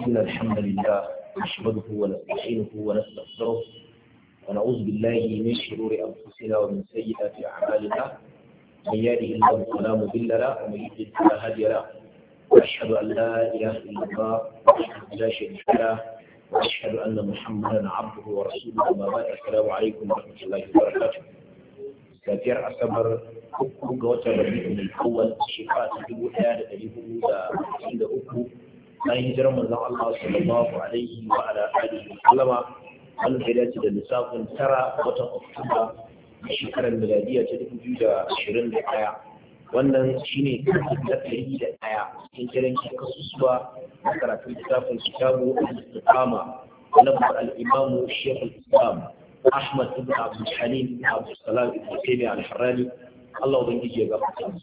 إن الحمد لله نحمده ونستعينه ونستغفره ونعوذ بالله من شرور أنفسنا ومن سيئات أعمالنا من يهده الله فلا مضل له ومن يضلل فلا هادي له وأشهد أن لا إله إلا الله أن لا شريك له وأشهد أن محمدا عبده ورسوله أما بعد السلام عليكم ورحمة الله وبركاته كثير أصبر uku ga watan rabi'ul awwal shekara ta dubu ɗaya bayan hijirar manzon Allah sallallahu alaihi wa ala alihi wa sallama an gida da lissafin tara watan Oktoba a shekarar miladiya ta dubu biyu da ashirin da ɗaya wannan shine kasin da ɗari da ɗaya cikin jiran kasusuwa na karatun lissafin kitabu al-istiqama lambar al-imamu shekul islam ahmad ibn abdul halim abdul salam ibn taymiyyah al-harrani Allah ubangiji ya gafarta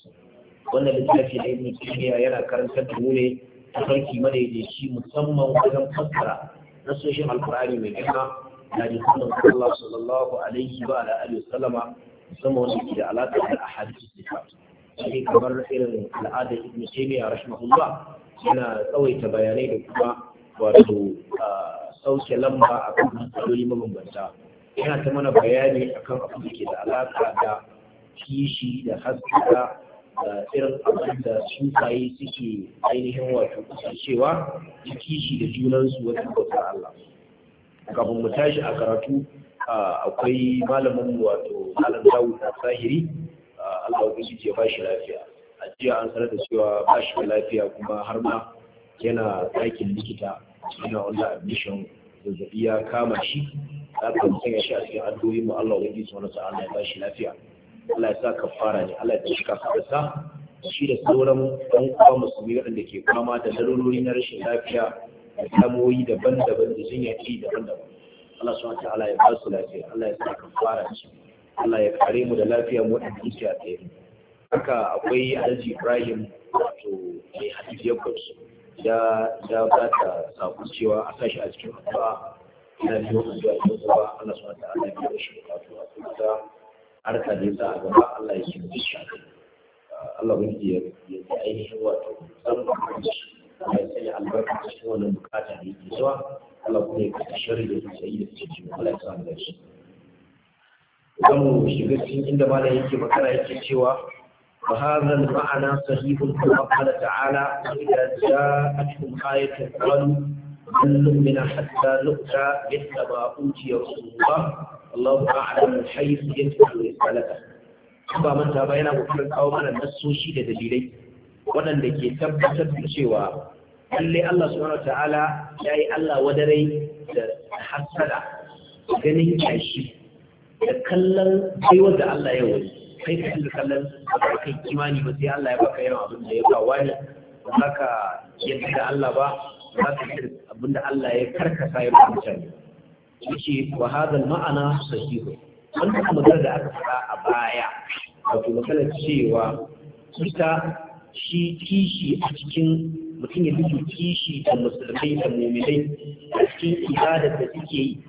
wannan littafi na ibn taymiyyah yana karantar da mu ne tafarki madaidaici musamman wajen fassara nasoshin alkur'ani mai girma da jihunan Allah sallallahu alaihi wa ala alihi sallama musamman wanda ke da alaƙa da ahadisi sifat sai kamar irin al'ada ibn taymiya rahimahullah yana tsawaita bayanai da kuma wato sauke lamba a akan matsaloli mabambanta yana ta mana bayani akan abin da ke da alaƙa da kishi da haskaka irin abin da sufaye suke ainihin wato kusancewa da kishi da junansu wajen bautar Allah kafin mu tashi a karatu akwai malamin wato malam Dawud Sahiri Allah ubangiji ya bashi lafiya a jiya an sanar da cewa bashi da lafiya kuma har ma yana aikin likita yana wanda admission zazzabi ya kama shi haka mutum ya sha cikin addu'o'i mu Allah ubangiji subhanahu wa ta'ala ya bashi lafiya Allah ya sa kafara ne Allah ya tashi kafara sa shi da sauran ɗan uwa musulmi waɗanda ke fama da larurori na rashin lafiya da samoyi daban-daban da jinya ci daban-daban Allah subhanahu wa ta'ala ya ba su lafiya Allah ya sa kafara ce Allah ya kare mu da lafiya mu da ke a tsaye haka akwai Alhaji Ibrahim wato mai hadisi ya da da ba ta sabu cewa a kashi a cikin addu'a ina biyo addu'a ta Allah subhanahu wa ta'ala ya ba shi bukatu a kuma harka da yasa a gaba Allah ya shi shi Allah ya ya ainihin wato sarrafa shi ya sanya albarka cikin wani bukata da yake zuwa Allah kuma ya kasa shari da su sai da su Allah ya samu da shi idan shiga cikin inda malam yake makara yake cewa فهذا المعنى صحيح كما قال تعالى وإذا جاءتهم آية قالوا لن نؤمن حتى نؤتى مثل ما أوتي رسول الله Allahu a'lam haythu yaj'alu risalata ba manta ba yana kokarin kawo mana nassoshi da dalilai waɗanda ke tabbatar da cewa lalle Allah subhanahu wataala yayi Allah wadarai da hasada ganin kashi da kallon kai wanda Allah ya wani kai ka da kallon kai imani ba sai Allah ya baka yawan abin da ya kawo. wani ba za ka yadda da Allah ba za ka yadda abin da Allah ya karkasa ya ba mutane yake wa hadal ma'ana sahihu wannan magana da aka fara a baya wato magana cewa ita shi kishi a cikin mutum ya duka kishi da musulmai da muminai a cikin ibada da suke yi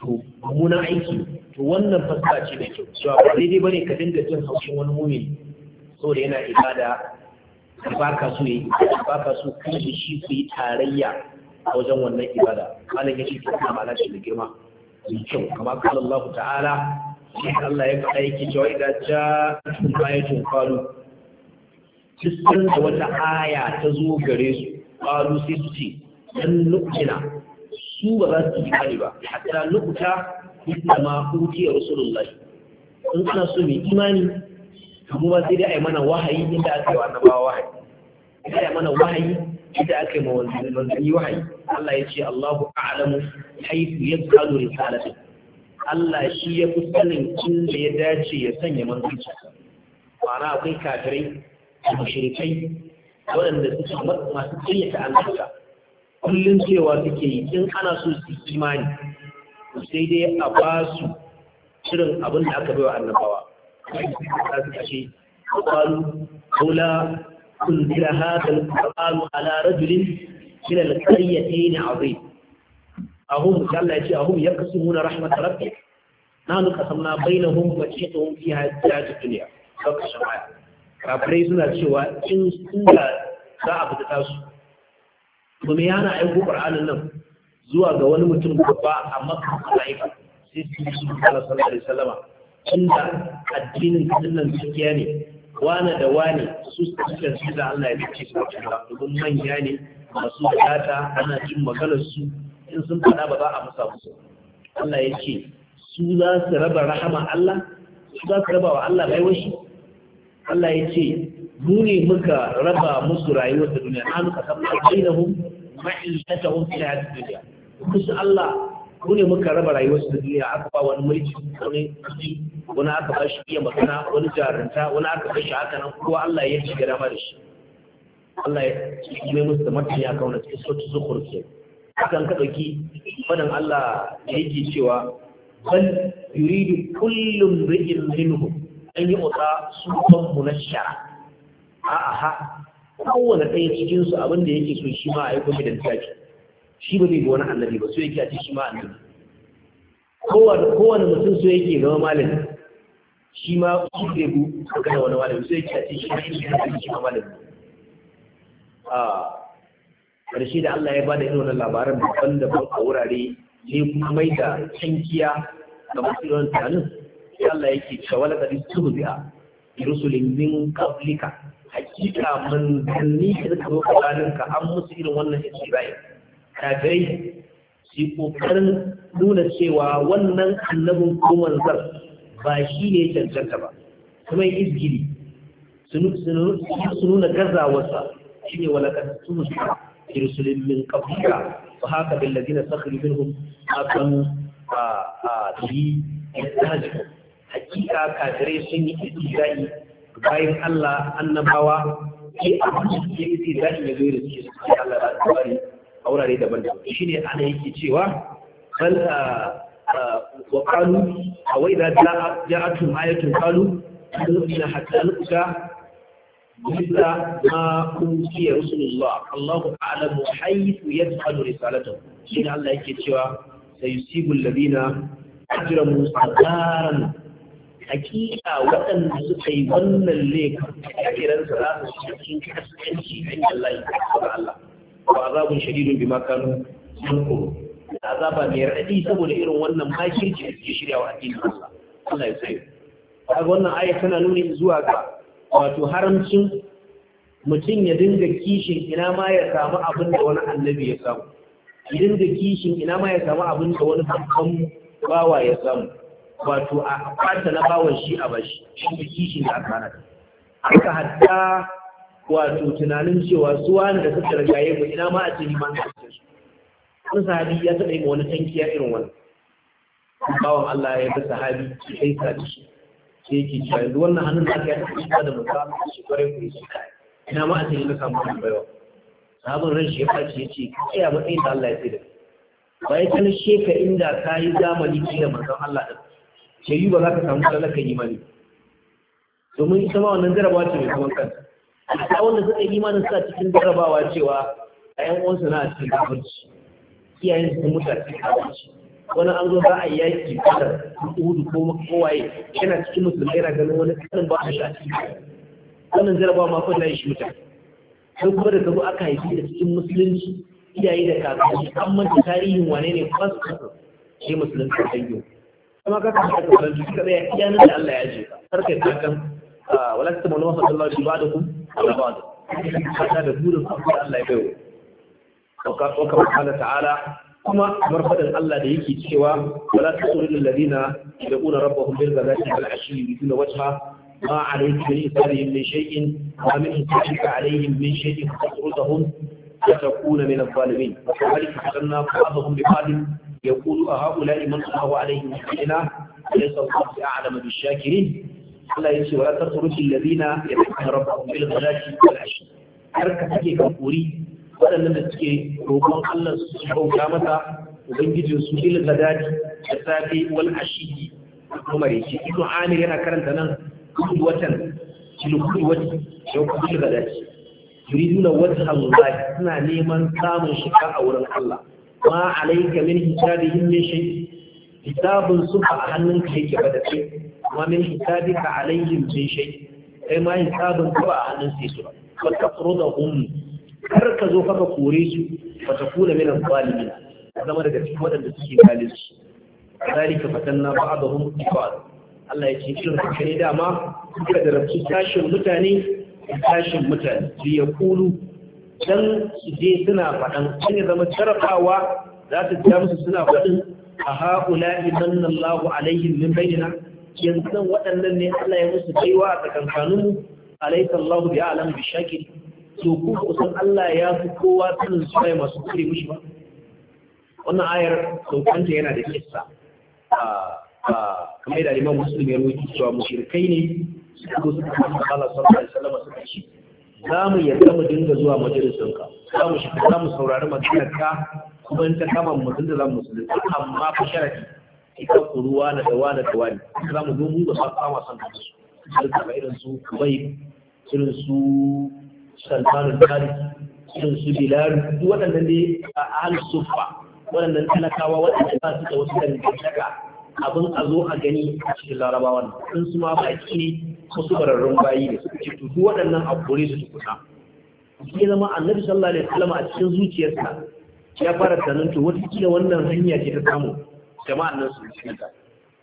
to mummunan aiki to wannan fasara ce da kyau cewa ba daidai bane ka dinga jin haushin wani mumin saboda yana ibada ka baka so yi ka baka so kan shi su yi tarayya a wajen wannan ibada malam ya ce to ina ma'ana shi da girma mai kyau Kamar kala Allah ta'ala shi Allah ya faɗa yake cewa idan ja ayatun qalu cikin da wata aya ta zo gare su qalu sai su ce dan nukina su ba za su yi ba hatta nukuta yadda ma rasu rasulullahi in kana so mai imani kuma sai dai a yi mana wahayi inda aka yi wa annabawa wahayi sai a yi mana wahayi Idan aka yi ma manzanni wahayi Allah ya ce Allahu a'lamu haythu yadkhalu risalatu Allah shi ya fi sanin inda ya dace ya sanya manzanci ma'ana akwai kafirai da mushrikai waɗanda suke masu ƙaryata annabta kullum cewa suke yi in ana so su imani sai dai a ba su shirin abin da aka bai wa annabawa sai su ce qalu أنزل هذا القرآن على رجل من القريتين عظيم أهم قال أهم يقسمون رحمة ربك نحن قسمنا بينهم وجهتهم في هذه الدنيا فوق الشمال kafirai suna cewa in da za a fita su kuma ya na aiko ƙur'anin nan zuwa ga wani mutum ba a makka malaika sai su yi sallallahu alaihi wasallama inda addinin nan gaskiya ne wane da wane su suka su da Allah ya dace su ba domin manya ne masu wadata ana jin maganar su in sun faɗa ba za a musa musu Allah ya ce su za su raba rahama Allah su za su raba wa Allah bai shi Allah ya ce mu ne muka raba musu rayuwar da duniya an ka san bainahum ma'ishatahum fil hayatid dunya kusa Allah ko ne muka raba rayuwarsu da duniya aka ba wani mulki wani kudi wani aka ba shi iya magana wani jaranta wani aka ba shi haka nan ko Allah ya ci gada da shi Allah ya ci mai musu da martani a kauna cikin sautu zukur ke hakan ka dauki fadan Allah da yake cewa bal yuridu kullum ri'in minhu an yi su ban munashar a'a ha kowane ɗaya cikinsu abin da yake so shi ma a yi kuma da lissafi shi ba zai bi wani annabi ba so yake a cikin shi ma annabi kowane mutum so yake zama malami shi ma shi ne bu a gana wani malami so yake a cikin shi ma yake shi ma malami a ƙarshe da Allah ya bada irin wannan labaran da ban a wurare ne kuma mai da cankiya ga masu yawan tunanin sai Allah yake da su kadi subbi'a irusulin min kaflika hakika manzanni da suka zo gabaninka an musu irin wannan isra'il kafirai su ƙoƙarin nuna cewa wannan annabin ko manzar ba shi ne cancanta ba kuma yi izgiri su nuna gazawarsa shi ne walakar tunusa irsulin min kafuka ba haka billazi na sakari minhum akan a yi yanzu hakika kafirai sun yi izgiri bayan Allah annabawa ke abin da ke izgiri ya zo da suke suke Allah da a wurare daban-daban shine ana yake cewa bal wa qalu awai da ja'atu ayatun qalu na hatta nuka mithla ma kunti rasulullah Allahu a'lamu haythu yad'alu risalatahu shine Allah yake cewa sayusibu alladhina ajramu sadaran hakika waɗanda suka yi wannan laifin a kiransa za su cikin kaskanci a yi Allah ya Allah wa azabun shadidun bima kanu yankuru azaba mai raɗi saboda irin wannan makirci da suke shirya wa addinin Allah Allah ya sai kaga wannan aya tana nuni zuwa ga wato haramcin mutum ya dinga kishin ina ma ya samu abin da wani annabi ya samu ya dinga kishin ina ma ya samu abin da wani babban bawa ya samu wato a kwata na bawan shi a bashi shi kishin da aka hana aka hatta wato tunanin cewa su wani da suka rigaye mu ina ma a ce ma na cikin su wani sahabi ya taɓa yi wani tankiya irin wani bawan Allah ya ga sahabi ki kai sa da shi sai yake cewa yanzu wannan hannun da aka yi taɓa shi da mutum shi kwarai ku yi shi ina ma a ce na samu wani bayo sahabin ran shi ya faci ya ce ka tsaya matsayin da Allah ya sai da bayan kan sheka inda ka yi zamani ki da manzon Allah ɗin ke yi ba za ka samu talaka ne. domin ita ma wannan jarabawa ce mai kuma kanta a wanda suka yi imanin suna cikin jarabawa cewa a yan uwansu na a cikin kafarci', iyayen su mutu a cikin kafarci. wani an zo za a yaki kasar uhudu ko kowaye yana cikin musulmai yana ganin wani kasan ba a shi wannan jarabawa ma na yi shi mutu sai kuma da zabu aka haifi da cikin musulunci iyaye da kakanni an manta tarihin wane ne kwas kasu shi musulun ka sanyo kuma ka kasa ka karanta suka tsaya iyanin da Allah ya je karka takan, ah, wala ta mana wasu Allah shi ba da kuma على بعض حتى نزول Allah الله يبوي وقال سبحانه تعالى kuma marfadin Allah da yake cewa wala tasrul alladhina yaquna rabbahum bil ghadati wal ashi yuduna wajha ma alayka min isarihim min shay'in wa min isarika alayhim min shay'in tasrudahum fatakuna min adh-dhalimin wa kadhalika fatanna ba'dahum bi ba'd yaqulu a ha'ula'i man sahawa alayhim min shay'ina laysa Allahu a'lamu bish-shakirin Allah ya ce wa ta turuki ladina ya ta rabbu bil ghadati wal ashi har ka take kan kuri waɗannan da suke roƙon Allah su bauta masa ubangijin su bil ghadati da safi wal ashi kuma yake ibnu amir yana karanta nan kullu watan kullu watan yau kullu ghadati yuriduna wata Allah suna neman samun shiga a wurin Allah ma alayka min hisabihim min shay hisabun su a hannunka yake ba da kai wa min hisabika alaihim min shay kai ma hisabun ka ba a hannun sai su ba fa tafrudahum kar ka zo kaka kore su fa takuna min al-zalimin zama daga cikin waɗanda suke zalunci zalika fatanna ba'dahum bi Allah ya ce dama suka da rabu tashin mutane mutane kulu dan su je suna faɗan kan ya zama jarabawa za ta ja musu suna faɗin a haƙula idan Allah alaihim min bayyana yanzu nan waɗannan ne Allah ya musu baiwa a tsakankanin alaika Allah bi alam bi shakir to ku kusan Allah ya fi kowa sanin suwaye masu kure mushi ba wannan ayar saukanta yana da kissa kamar da liman musulmi ya rubuta cewa mushrikai ne suka zo suka kama Allah sallallahu alaihi wasallam suka ce za mu yarda mu dinga zuwa majalisinka za mu shiga za mu saurari maganarka kuma in ta kama mu da za mu amma fa sharadi ita ku ruwa na da wani da wani za mu zo mu da sa kama san da su alƙaba irin su kubai irin su salmanin tari irin su bilal duk waɗannan ne a al-sufa waɗannan talakawa wadannan ba su da wasu dangantaka abin a zo a gani a cikin larabawan in su ma baki ne wasu bararrun bayi ne su ce duk waɗannan a kore su tukuna sai zama annabi sallallahu alaihi wasallam a cikin zuciyarsa ya fara tunanin to wata kila wannan hanya ce ta samu Jama'a nan su cikin ta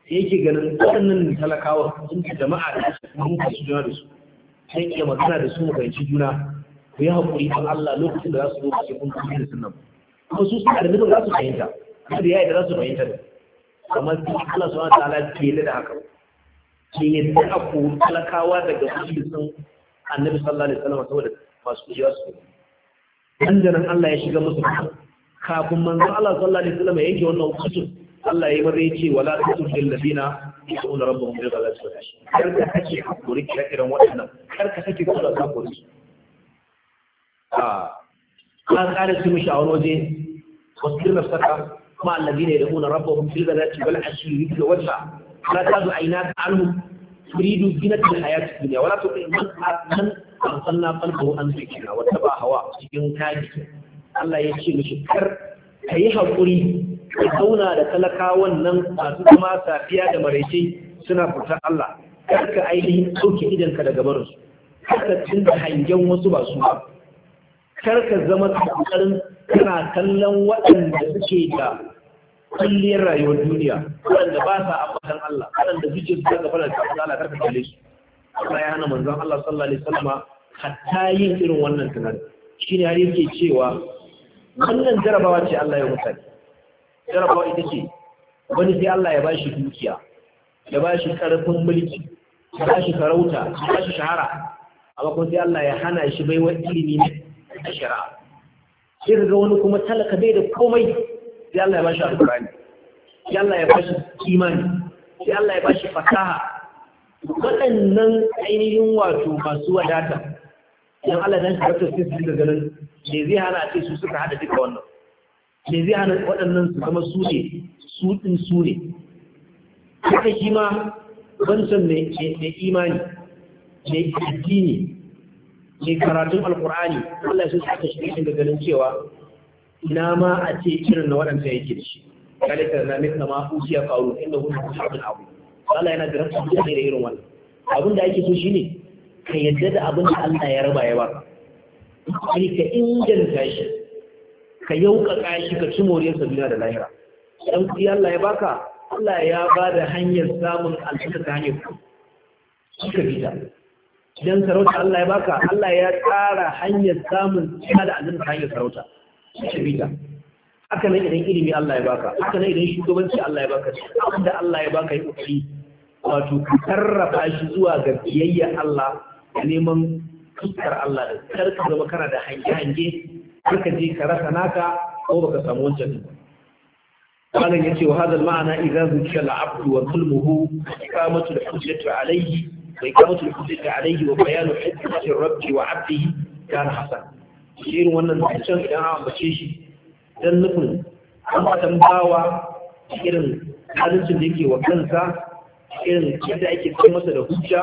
yake ganin waɗannan talakawa sun ta jama'a da su mun kashi juna da su sai iya magana da su mu fahimci juna ku yi haƙuri an Allah lokacin da za su zo su kun kuma da sunan kuma su suna da nufin za su fahimta kuma da yayi da za su fahimta da amma sai Allah subhanahu wa ta'ala ke da haka ke yadda da aku talakawa daga sun annabi sallallahu alaihi wasallam saboda masu kujewa su nan da nan Allah ya shiga musu kafin manzo Allah sallallahu alaihi wasallam ya yanke wannan hukuncin Allah ya bari ce wala tusul lil ladina yasuna rabbuhum bil ghadati wal ashi kar ka sake hakuri kira irin waɗannan kar ka sake kula da hakuri ah an ƙara su mishi a wani waje wasir nafsaka ma alladina yad'una rabbahum bil da wal ashi yuridu wajha la tazu aynaka anhum turidu zinata al hayati dunya wala tuqim man man arsalna qalbahu an zikrina Wata ba hawa cikin kaji Allah ya ce mishi kar yi haƙuri. ka zauna da talakawan nan masu kuma safiya da maraice suna furtar Allah karka ainihin ɗauke idanka daga barinsu karka tunda hangen wasu ba su ba karka zama kokarin kana kallon waɗanda suke da kulliyar rayuwar duniya waɗanda ba sa ambatan Allah waɗanda zuciyar su daga da cikin Allah karka kalle su Allah ya hana manzon Allah sallallahu alaihi wasallam hatta yin irin wannan tunani shine har yake cewa wannan jarabawa ce Allah ya mutane jarabawa ita ce wani sai Allah ya bashi dukiya ya bashi karfin mulki ya bashi sarauta ya bashi shahara amma kuma sai Allah ya hana shi wa ilimi a shari'a sai ga wani kuma talaka bai da komai sai Allah ya bashi alƙur'ani sai Allah ya bashi kimani, sai Allah ya bashi fasaha waɗannan ainihin wato masu wadata idan Allah dan shi rasa sai su ganin me zai hana a ce su suka hada duka wannan me zai hana waɗannan su zama su ne su ɗin su ne haka shi ma wancan mai imani mai addini mai karatun alkur'ani Allah sai aka shiga inda ganin cewa ina ma a ce irin na waɗanda yake da shi kalita na mai kama usiya faru inda wani kusa abin abu Allah yana da rasu da irin wannan abin da ake so ne ka yadda da abin da Allah ya raba ya baka ka inganta shi ka yauƙaƙa shi ka ci moriyarsa duniya da lahira dan kuɗi Allah ya baka Allah ya ba da hanyar samun aljanna ta hanyar shi ka bi ta idan sarauta Allah ya baka Allah ya tsara hanyar samun cika da aljanna ta hanyar sarauta ka bi ta haka nan idan ilimi Allah ya baka haka nan idan shugabanci Allah ya baka abin da Allah ya baka yi kokari wato ka sarrafa shi zuwa ga biyayya Allah neman fuskar Allah da karka zama kana da hange-hange Kar ka je ka rasa naka ko baka samu wancan ba malam ya wa hadal ma'ana idza zukiya al-abd wa zulmuhu iqamatu al-hujjati alayhi wa iqamatu al-hujjati alayhi wa bayanu hujjati rabbi wa 'abdihi kana hasan shirin wannan zancen idan an ambace shi dan nufin an fatan bawa irin halittun da yake wa kansa irin yadda ake kai masa da hujja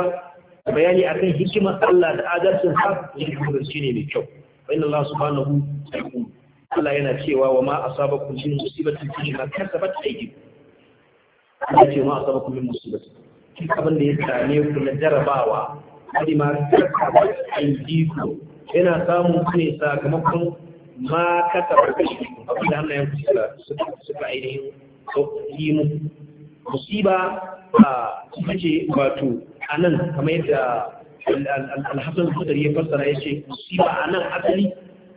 bayani akan hikimar Allah da adalcin sa ne ne mai kyau fa inna Allah subhanahu yaqul Allah yana cewa wa ma asabakum min musibatin fa bima kasabat aydikum Allah ce ma asabakum min musibatin kin abin da ya same ku na jarabawa bima kasabat aydikum yana samun ne sakamakon ma kasabat aydikum abin da hannayen ku suka suka ainihin yi mu musiba a ce wato anan kamar yadda alhassan sudari ya fassara ya ce musiba a asali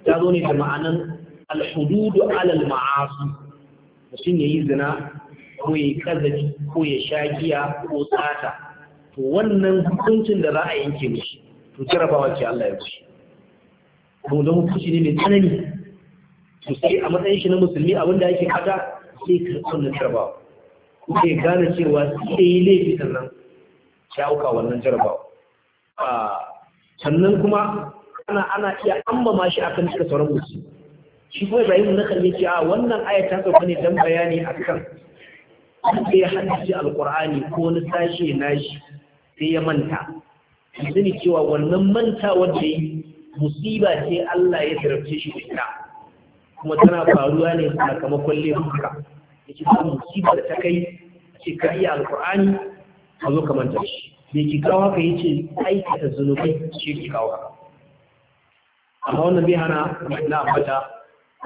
ta zo ne da ma'anan alhududu alal ma'asu mutum ya yi zina ko ya yi kazafi ko ya sha giya ko tsata to wannan hukuncin da za a yanke mishi to jarabawa ce Allah ya kushe ko don hukunci ne mai tsanani to sai a matsayin shi na musulmi abinda yake kada sai karɓar na jarabawa sai gane cewa sai yi laifi sannan ya auka wannan jarabawa sannan kuma ana ana iya ma shi akan cika sauran musu shi kuma Ibrahim na kalli yace a wannan aya ta sauka ne dan bayani akan sai ya hadisi alqur'ani ko wani sashe shi sai ya manta sani cewa wannan manta wanda yi musiba ce Allah ya tarafce shi ita kuma tana faruwa ne sakamakon laifuka yace ba musiba da ta kai ce ka iya alqur'ani ka zo ka manta shi me ki haka haka ce aikata zunubai shi ki kawo haka amma wannan bai hana na fata,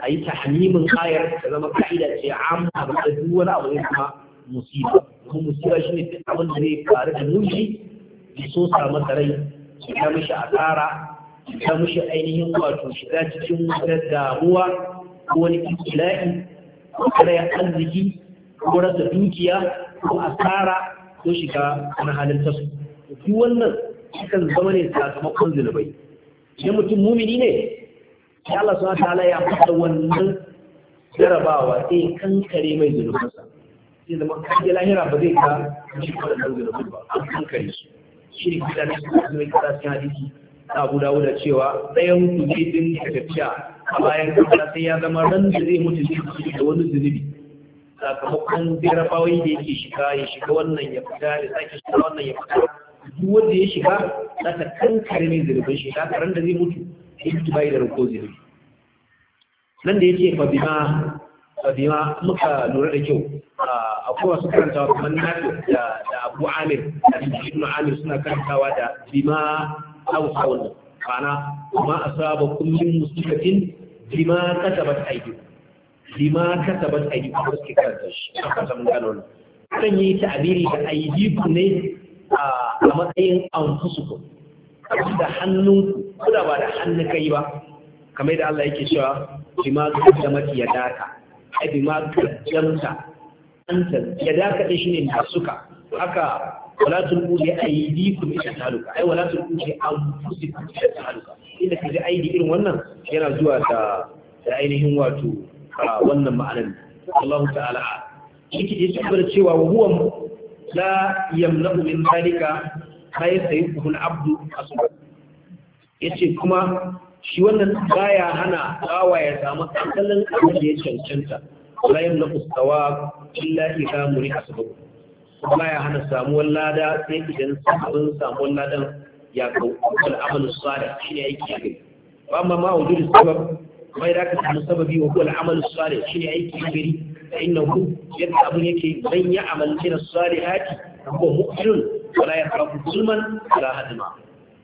a yi tahmimin ayar ta zama ka'ida ce amma ga duk wani abu ne kuma musiba kuma musiba shi ne duk abin da zai faru da mulki ya so samu rai ta mishi asara ta mishi ainihin wato shiga cikin wata damuwa ko wani ikila'i ko kare arziki ko rasa dukiya ko asara ko shiga na halin tasu duk wannan kan zama ne sakamakon zunubai idan mutum mumini ne Ya Allah subhanahu ta'ala ya fada wannan jarabawa sai kankare mai zunubansa sai zama kaje lahira ba zai ka shi wannan zunubin ba an kankare shi. shi ne kuma da su zai kada cikin hadisi na Abu Dawud cewa tsayan ku zai dinga tafiya a bayan kasa sai ya zama ran da zai mutu zai da wani zunubi sakamakon jirafawai da yake shiga ya shiga wannan ya fita ya sake shiga wannan ya fita duk wanda ya shiga za ta kankare ne zirgin shi ta karan da zai mutu ya mutu bai da rako zurbi nan da yake ce fabima fa bima muka lura da kyau akwai wasu karantawa kamar nafi da abu amir da ibnu amir suna karantawa da bima hausa wannan ma'ana kuma asaba kullum musibatin bima kasabat aiki. bima kasabat aydikum suke karanta shi aka san gano kan yi ta'abiri da ku ne a matsayin anfusukum da hannunku ko da ba da hannu kai ba kamar da Allah yake cewa bima kasabat yadaka ai bima kasamta anta yadaka din shine da suka aka wala tulqu bi aydikum ila taluka ai wala tulqu bi anfusikum ila taluka inda kaje aidi irin wannan yana zuwa da da ainihin wato wannan ma'anar Allah ta'ala ke yi tabbata cewa huwa la yamna'u min zalika kai sai kun abdu asba yace kuma shi wannan baya hana bawa ya samu asalin abin da ya cancanta la yamna'u thawab illa idha muri kuma ya hana samuwar lada sai idan sabon samuwar ladan ya kawo al'amalin salih shine yake gari ba ma ma wujudu sabab mai da ka samu sababi wa kuwa al'amal salih shine aiki gari hu yadda abin yake man ya amal min as-salihati huwa mu'minun wala yakhafu zulman wala hadma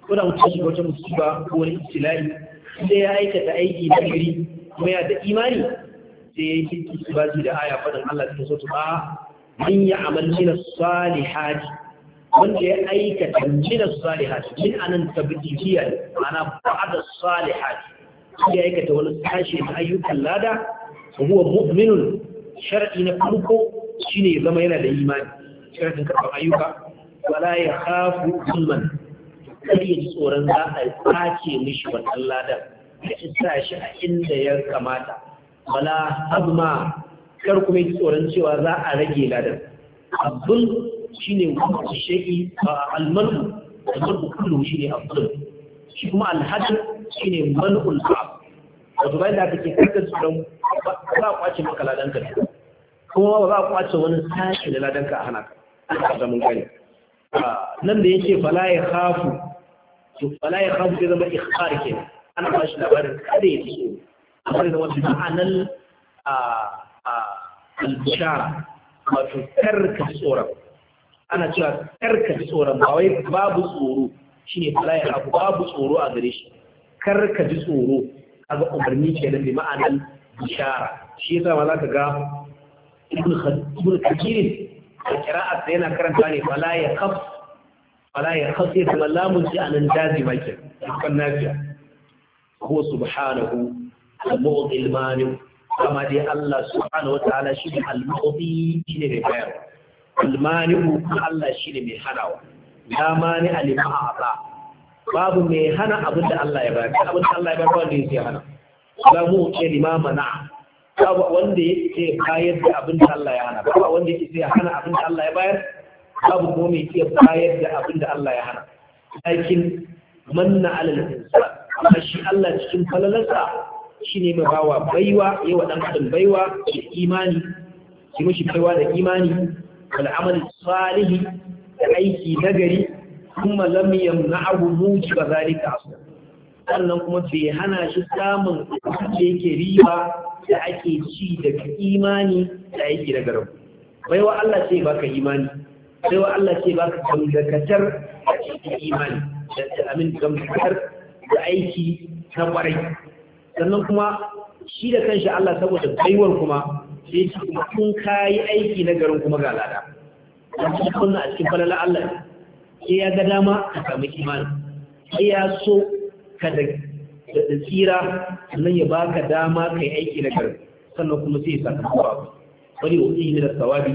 kuna mutum shi wata musiba ko wani ibtila'i sai ya aikata aiki na gari kuma ya da imani sai ya yi kirki su bazi da aya faɗin Allah cikin sautu ba min ya amal min as-salihati wanda ya aikata min as-salihati min anan tabdijiya ana ba'da as-salihati ya aikata wani tashi na ayyukan lada huwa mu'minun shar'i na farko shine ya zama yana da imani sharadin karɓar ayyuka wala ya khafu zulman kar ya ji tsoron za a sace mishi wannan lada. ya isa shi a inda ya kamata wala amma kar kuma ji tsoron cewa za a rage ladan abdul shine wani shaki almanu almanu kullu shine abdul shi kuma alhadar shine man'ul ba wato bayan da aka ce karka tsoron ba za a kwace maka ladanka ne kuma ba za a kwace wani sashi da ladanka a hana ka zaman gani nan da yake fala ya hafu, to fala ya khafu zai zama ikhbar ke ana ba shi labarin kada ya tsoro amma zai zama a al-bishara wato karka tsoron ana cewa karka tsoron ba wai babu tsoro shine fala ya khafu babu tsoro a gare shi karka ji tsoro kaga umarni kenan bi ma'anan bishara shi yasa ma zaka ga ibn ibn kathir al-qira'at yana karanta ne fala ya khaf fala ya khasir kuma lamun ji anan dazi bakin kan nafiya ko subhanahu al-mu'ti al-mani kama dai Allah subhanahu wa ta'ala shi ne al-mu'ti shi ne mai bayarwa al-mani Allah shi ne mai hanawa la mani al-ma'a babu mai hana abin da Allah ya bayar abin da Allah ya bayar wanda yake hana la mu ce limama na babu wanda yake bayar da abin da Allah ya hana babu wanda yake hana abin da Allah ya bayar babu kuma mai iya bayar da abin da Allah ya hana lakin manna alal insan amma shi Allah cikin falalarsa shine mai bawa baiwa yawa dan adam baiwa da imani shi mishi baiwa da imani wal amali salihi da aiki nagari kuma lam yamna'ahu mujiba zalika aslan sannan kuma bai hana shi samun da yake riba da ake ci daga imani da yake daga rabu baiwa Allah ce baka imani baiwa Allah ce baka gamdakatar a cikin imani da amin gamdakatar da aiki na kwarai sannan kuma shi da kanshi Allah saboda baiwar kuma sai ci kuma kun kayi aiki na garin kuma ga lada a cikin a cikin falala Allah sai ya ga dama ka samu imani sai ya so ka da tsira sannan ya baka dama ka yi aiki na gari sannan kuma sai ya sa ka ba wani wani ne da sawabi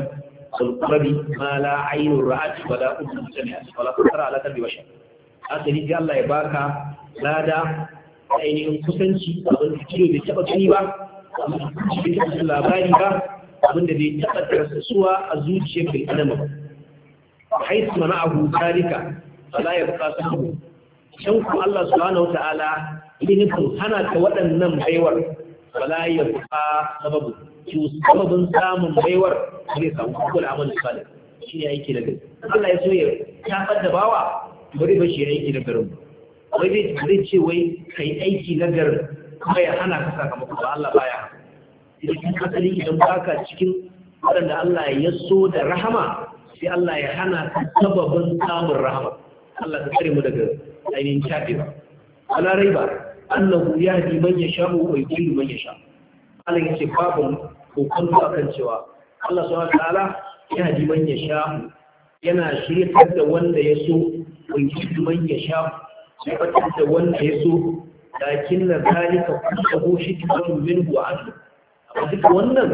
sulqurabi ma la aynun ra'at wa la udun sami'at wa la qara ala tabi washar asali ga Allah ya baka lada ainihin kusanci abin da kiro bai taɓa gani ba abin da bai taba labari ba abin da bai taba tarasuwa a zuciyar bil adama ba حيث منعه ذلك فلا يبقى سهو شوف الله سبحانه وتعالى لنفسه هنا كودن بيور فلا يبقى سببه شو سبب سام بيور ليس هو العمل الصالح shi ya aiki da gari Allah ya so ya tafar da bawa bari ba shi ya aiki da garin wai zai zai ce wai kai aiki na garin kuma ya hana ka sakamako ba Allah baya idan asali idan baka cikin waɗanda Allah ya so da rahama sai Allah ya hana ka sababin samun rahama Allah ka tsare mu daga ainihin Allah wala raiba annahu yahdi man yasha'u wa yudillu man yasha Allah yace babu kokon kan cewa Allah subhanahu wa ta'ala yahdi manya yasha'u yana shirkar da wanda ya so kunshi man ya sha da wanda ya so lakin na zalika kusa ko shi kimanin min wa asu amma duk wannan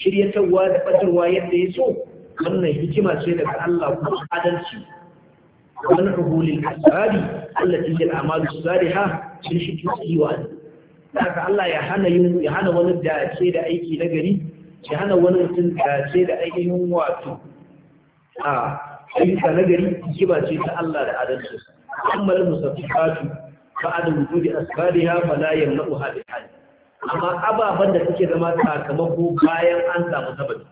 shiryatarwa da fatarwa yadda ya so wannan hikima ce daga Allah ko adalci wannan ruhulil asari allati hiya al-a'malu salihah shi hikimati wa haka Allah ya hana yin ya hana wani ce da aiki na gari ya hana wani mutum ce da ainihin wato a ayyuka na gari hikima ce ta Allah da adalci amma al-musafifatu ba'ada wujudi asbariha fala yamna'uha bi hal amma ababan da suke zama sakamako bayan an samu sababi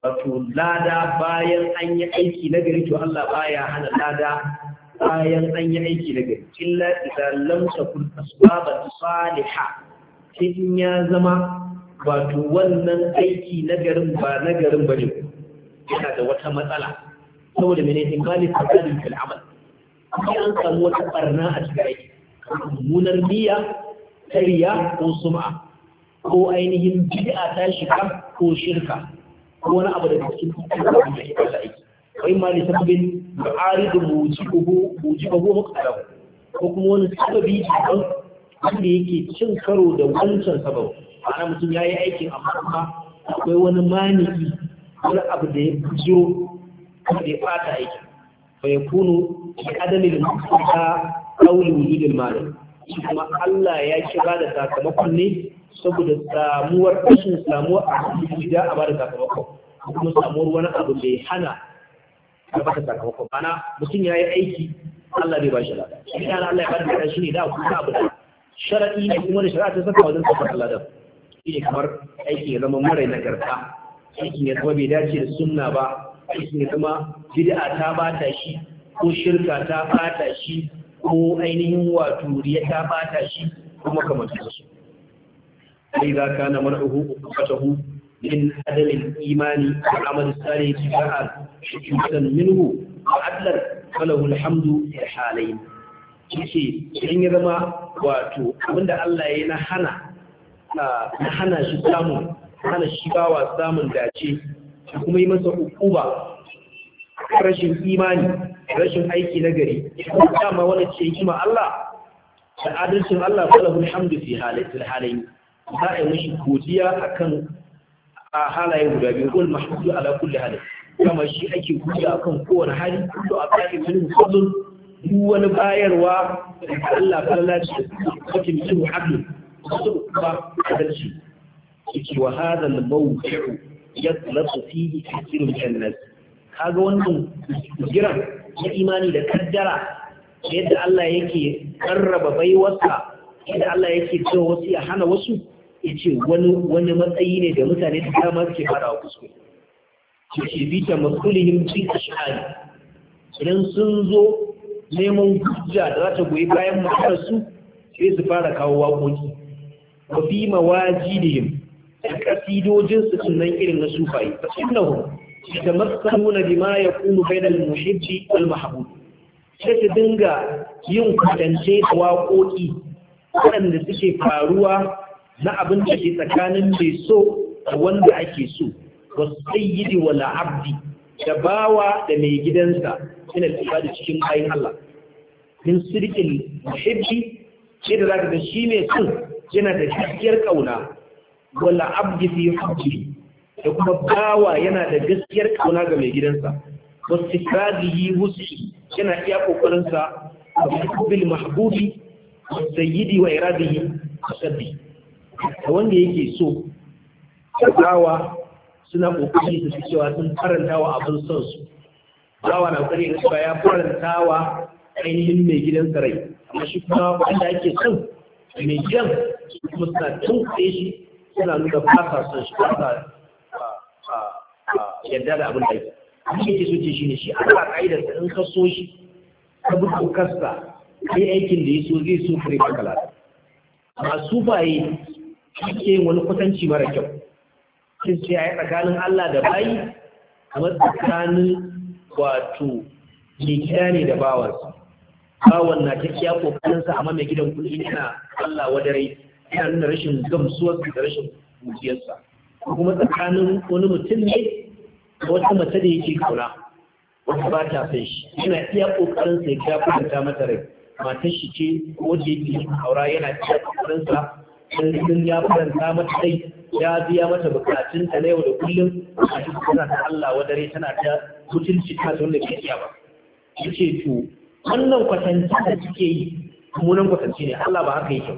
wato lada bayan an yi aiki na gari to Allah baya hana lada bayan an yi aiki na gari illa idan lam takun asbaba salihah sai in ya zama wato wannan aiki na garin ba na garin bane yana da wata matsala saboda mene in bani fasadin fil amal sai an samu wata barna a cikin aiki mummunar niyya ta ko sum'a ko ainihin bid'a ta shiga ko shirka ko wani abu daga cikin cikin abin da ita Allah yake wai ma ne sababin ma'aridu mujibuhu mujibuhu muqaddam ko kuma wani sababi daban wanda yake cin karo da wancan sabab ma'ana mutum yi aikin amma kuma akwai wani maniki wani abu da ya jiro kuma da ya fata aikin fa yakunu bi adamil muqaddam qawli wujudil malik kuma Allah ya kira da sakamakon ne saboda samuwar rashin samuwar a cikin gida a bada sakamako kuma samuwar wani abu mai hana a bada sakamakon. mana mutum ya yi aiki Allah bai ba shi lada shi ne Allah ya bada lada shi ne da kuma abu da sharadi ne kuma da shari'a ta saka wajen saka lada shi ne kamar aiki ya zama mara nagarta aikin ya zama bai dace da sunna ba aikin ya zama bid'a ta bata shi ko shirka ta bata shi ko ainihin wato riya ta bata shi kuma kamar su فإذا كان مرعه أخفته من عدم الإيمان والعمل الصالح جاء شكوة منه وعدلا فله الحمد في الحالين yace in ya zama wato abinda Allah ya na hana na hana shi samun hana shi bawa samun dace da kuma yi masa hukuma rashin imani rashin aiki na gari dama wani ce hikima Allah da adalcin Allah falahul hamdu fi halayen za a yi mishi godiya akan a halaye guda biyu wal mahmudu ala kulli hal kama shi ake godiya akan kowane hali to a kai sun fadl duk wani bayarwa Allah ta falla shi kake mutum hakki su ba adalci yake wa hadha al mawdi'u yatlaqu fihi kathirun min an-nas ga wannan jiran na imani da kaddara yadda Allah yake karraba baiwarsa yadda Allah yake cewa wasu ya hana wasu ya ce wani matsayi ne da mutane da dama suke fara a kuskure ke ce bita makulihim cin ashari idan sun zo neman hujja da za ta goyi bayan matarsu sai su fara kawo waƙoƙi ba fi mawajidihim da yin. kasidojin su cin nan irin na sufayi fa innahu ya bima bai da muhibbi al-mahabu ce ta dinga yin kwatance da waƙoƙi waɗanda suke faruwa na abin da ke tsakanin mai so da wanda ake so wa sayyidi wala abdi da bawa da mai gidansa yana tafiya da cikin bayan Allah min sirkin muhibbi ce da zaka ga shi ne son yana da gaskiyar kauna wala abdi fi hubbi da kuma bawa yana da gaskiyar kauna ga mai gidansa wa sifadihi wusi yana iya kokarin sa bil mahbubi wa sayyidi wa iradihi sabbi da wanda yake so dawa suna kokari su fi cewa sun faranta wa abin son su dawa na kare da cewa ya faranta wa ainihin mai gidan sarai amma shi kuma wanda ake son mai gidan su kuma suna tun shi suna nuna ba sa son shi ba sa yadda da abin da yake abin da yake so ce shi ne shi ana ka'idarsa in ka so shi ka bi kokarsa kai aikin da ya so zai so kare maka lada amma ake yin wani kusanci mara kyau sai sai ya yi tsakanin Allah da bayi kamar tsakanin wato mai gida ne da bawar bawan na ta kiya sa amma mai gidan kuɗi yana Allah wadare yana nuna rashin gamsuwar da rashin mutiyarsa kuma tsakanin wani mutum ne da wata mace da yake kauna wata ba ta san shi yana iya kokarin sa ya fahimta mata rai matar shi ce ko da yake aura yana iya kokarin sa kullum ya faranta mata dai ya biya mata bukatun ta na yau da kullum a cikin tana ta Allah wa dare tana ta mutunci ta zo da iya ba yace to wannan kwatanci da kike yi munan kwatanci ne Allah ba haka yake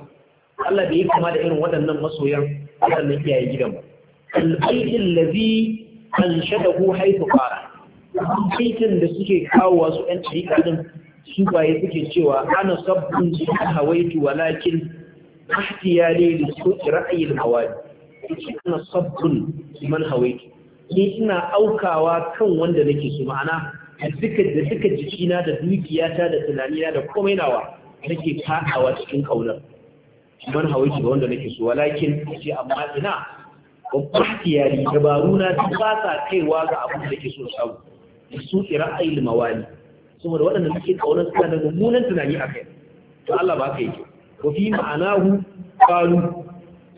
Allah bai kama da irin waɗannan masoyan waɗannan iyaye gidan ba al kan shaɗa anshadahu haythu qara baitin da suke kawowa su ɗan tarika din su baye suke cewa ana sabbin jihar hawaitu walakin su ra'ayin رأي الحوالي ana صب man hawaiki. ni ina aukawa kan wanda nake so ma'ana da duka jikina da dukiyata da tunanina da komai nawa nake fadawa cikin kaunar man hawaiki ga wanda nake so walakin ce amma ina babbar tiyari dabaruna ta ba sa kaiwa ga abin da nake so samu su kira ayyul mawali saboda waɗanda suke kaunar suna da mummunan tunani akai to Allah ba ka yi wafi ma'anahu qalu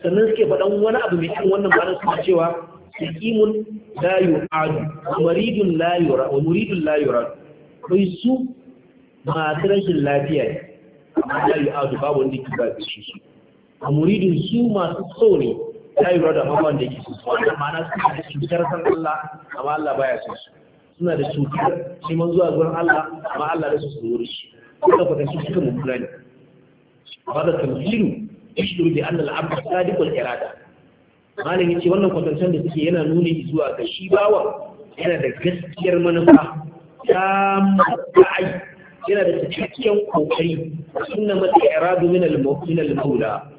sannan suke faɗan wani abu mai cin wannan bayan suna cewa sakimun la yu'adu wa maridun la yura wa muridun la yura kai su masu rashin lafiya ne amma la yu'adu babu wanda ke ba shi su a muridun su masu so ne la yura da amma wanda ke so wannan ma'ana suna da cutar san Allah amma Allah baya so su suna da cutar shi man zuwa zuwan Allah amma Allah da su su wuri shi suka fata shi suka mummuna ne هذا تمثيل يشعر بأن العبد صادق الإرادة malam yace wannan kwatancen da suke yana nuna zuwa ga shi bawa yana da gaskiyar manufa ta matsayi yana da cikakken kokari sunna mata iradu min al-mu'min al-maula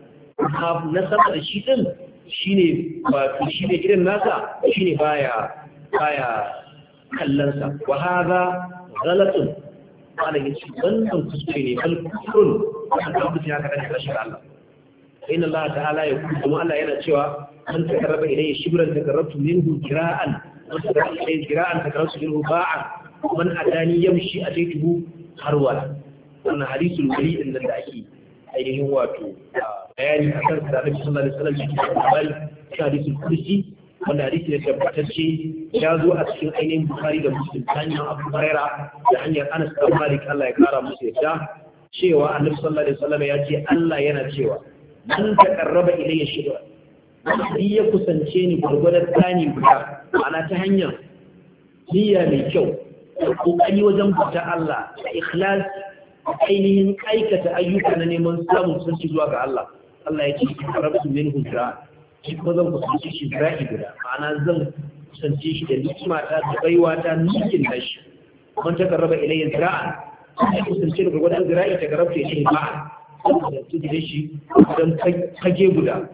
na sama da shi din shine ba shine irin nasa shine baya baya kallon sa wa hadha ghalatun malam yace wannan kuskure ne al-kufrun wannan da mutum ya kaɗa da Allah in Allah ta'ala ya kuma kuma Allah yana cewa an takarraba ilayya shibran takarrabtu minhu jira'an an takarraba ilayya jira'an takarrabtu minhu ba'an man atani yamshi a taituhu harwala wannan hadisul wali din da ake ainihin wato bayani akan sabbin sallallahu alaihi wasallam cikin bukhari cikin hadisul kursi wanda hadisi ne tabbatacce ya zo a cikin ainihin bukhari da muslim ta hanyar abu huraira da hanyar anas bin malik Allah ya kara musu yadda cewa annabi sallallahu alaihi wasallam ya ce Allah yana cewa man taqarraba ilayya shay'an wani ya kusance ni gurgurar tani guda ana ta hanyar niyya mai kyau da kokari wajen bauta Allah da ikhlas ainihin aikata ayyuka na neman samun sunci zuwa ga Allah Allah ya ce taqarrabu minhu jira shi ko zan kusance shi jira guda ana zan kusance shi da nikima ta da baiwa ta nikin da shi man taqarraba ilayya jira'an sai kusance da gwagwadon zira'i ta garabta ya ce ba da su gida shi don kage guda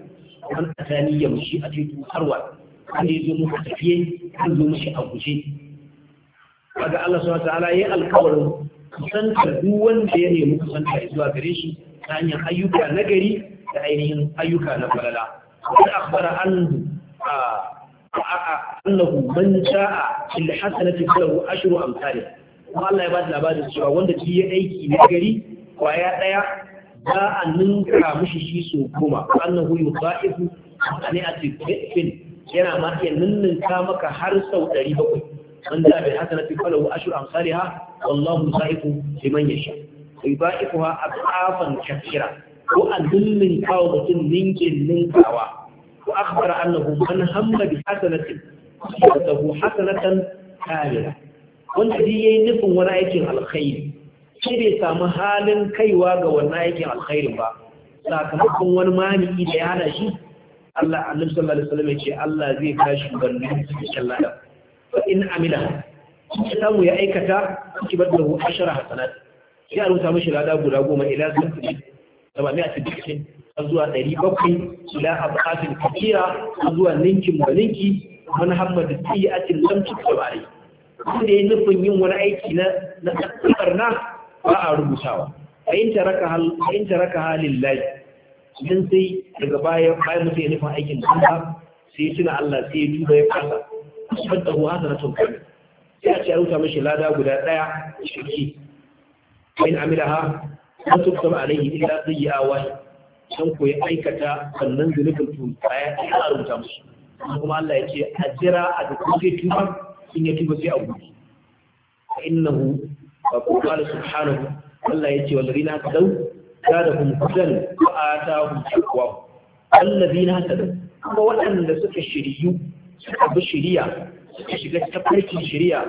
an tsakani ya mushi a teku harwa an da ya zo muka tafiye an zo mushi a guje kaga Allah subhanahu ta'ala ya alƙawarin kusantar duk wanda ya nemi kusanta zuwa gare shi ta hanyar ayyuka na gari da ainihin ayyuka na falala wani akhbara an annahu man sha'a fil hasanati falahu ashru amsalih kuma Allah ya ba da labarin cewa wanda shi ya aiki na gari kwaya ɗaya. za a ninka mishi shi so goma annahu yusaifu an ati bin yana ma iya ninninka maka har sau 700 man da bil hasanati falahu ashru amsalha wallahu yusaifu liman yasha yusaifuha afafan kathira ko a ninninka wa mutum ninkin ninkawa ko akhbara annahu man hamma bi hasanatin فله حسنة كاملة wanda duk yayi nufin wani aikin alkhairi shi bai samu halin kaiwa ga wannan aikin alkhairi ba sakamakon wani mani'i da ya hana shi Allah annabi sallallahu alaihi wasallam ya ce Allah zai kashi wannan cikin ladan fa in amila samu ya aikata kibar da hu ashara hasanat ya rubuta mishi lada guda goma ila sunni saba mai a cikin zuwa 700 ila abqatin kathira zuwa ninkin malinki man hamma da sayyatin lam tuktabari wanda ya nufin yin wani aiki na na ba a rubutawa ayin taraka ta raka halin lai idan sai daga baya bayan mutum ya nufin aikin ba sai tuna Allah sai ya tuba ya kasa fadda hu hasanatun kamil sai a ce a rubuta mashi lada guda daya shirki sun amilaha an tukta alaihi illa sayyi'a wahid san ko ya aikata sannan zunubin tun baya a rubuta mashi. kuma Allah ya ce a jira a duk sai tuba in ya tuba sai a gudu innahu ko qala subhanahu Allah yace wallazina tadaw zadahum hudan wa atahum taqwa allazina tadaw kuma waɗanda suka shiryu suka bi shiriya suka shiga tafarkin shiriya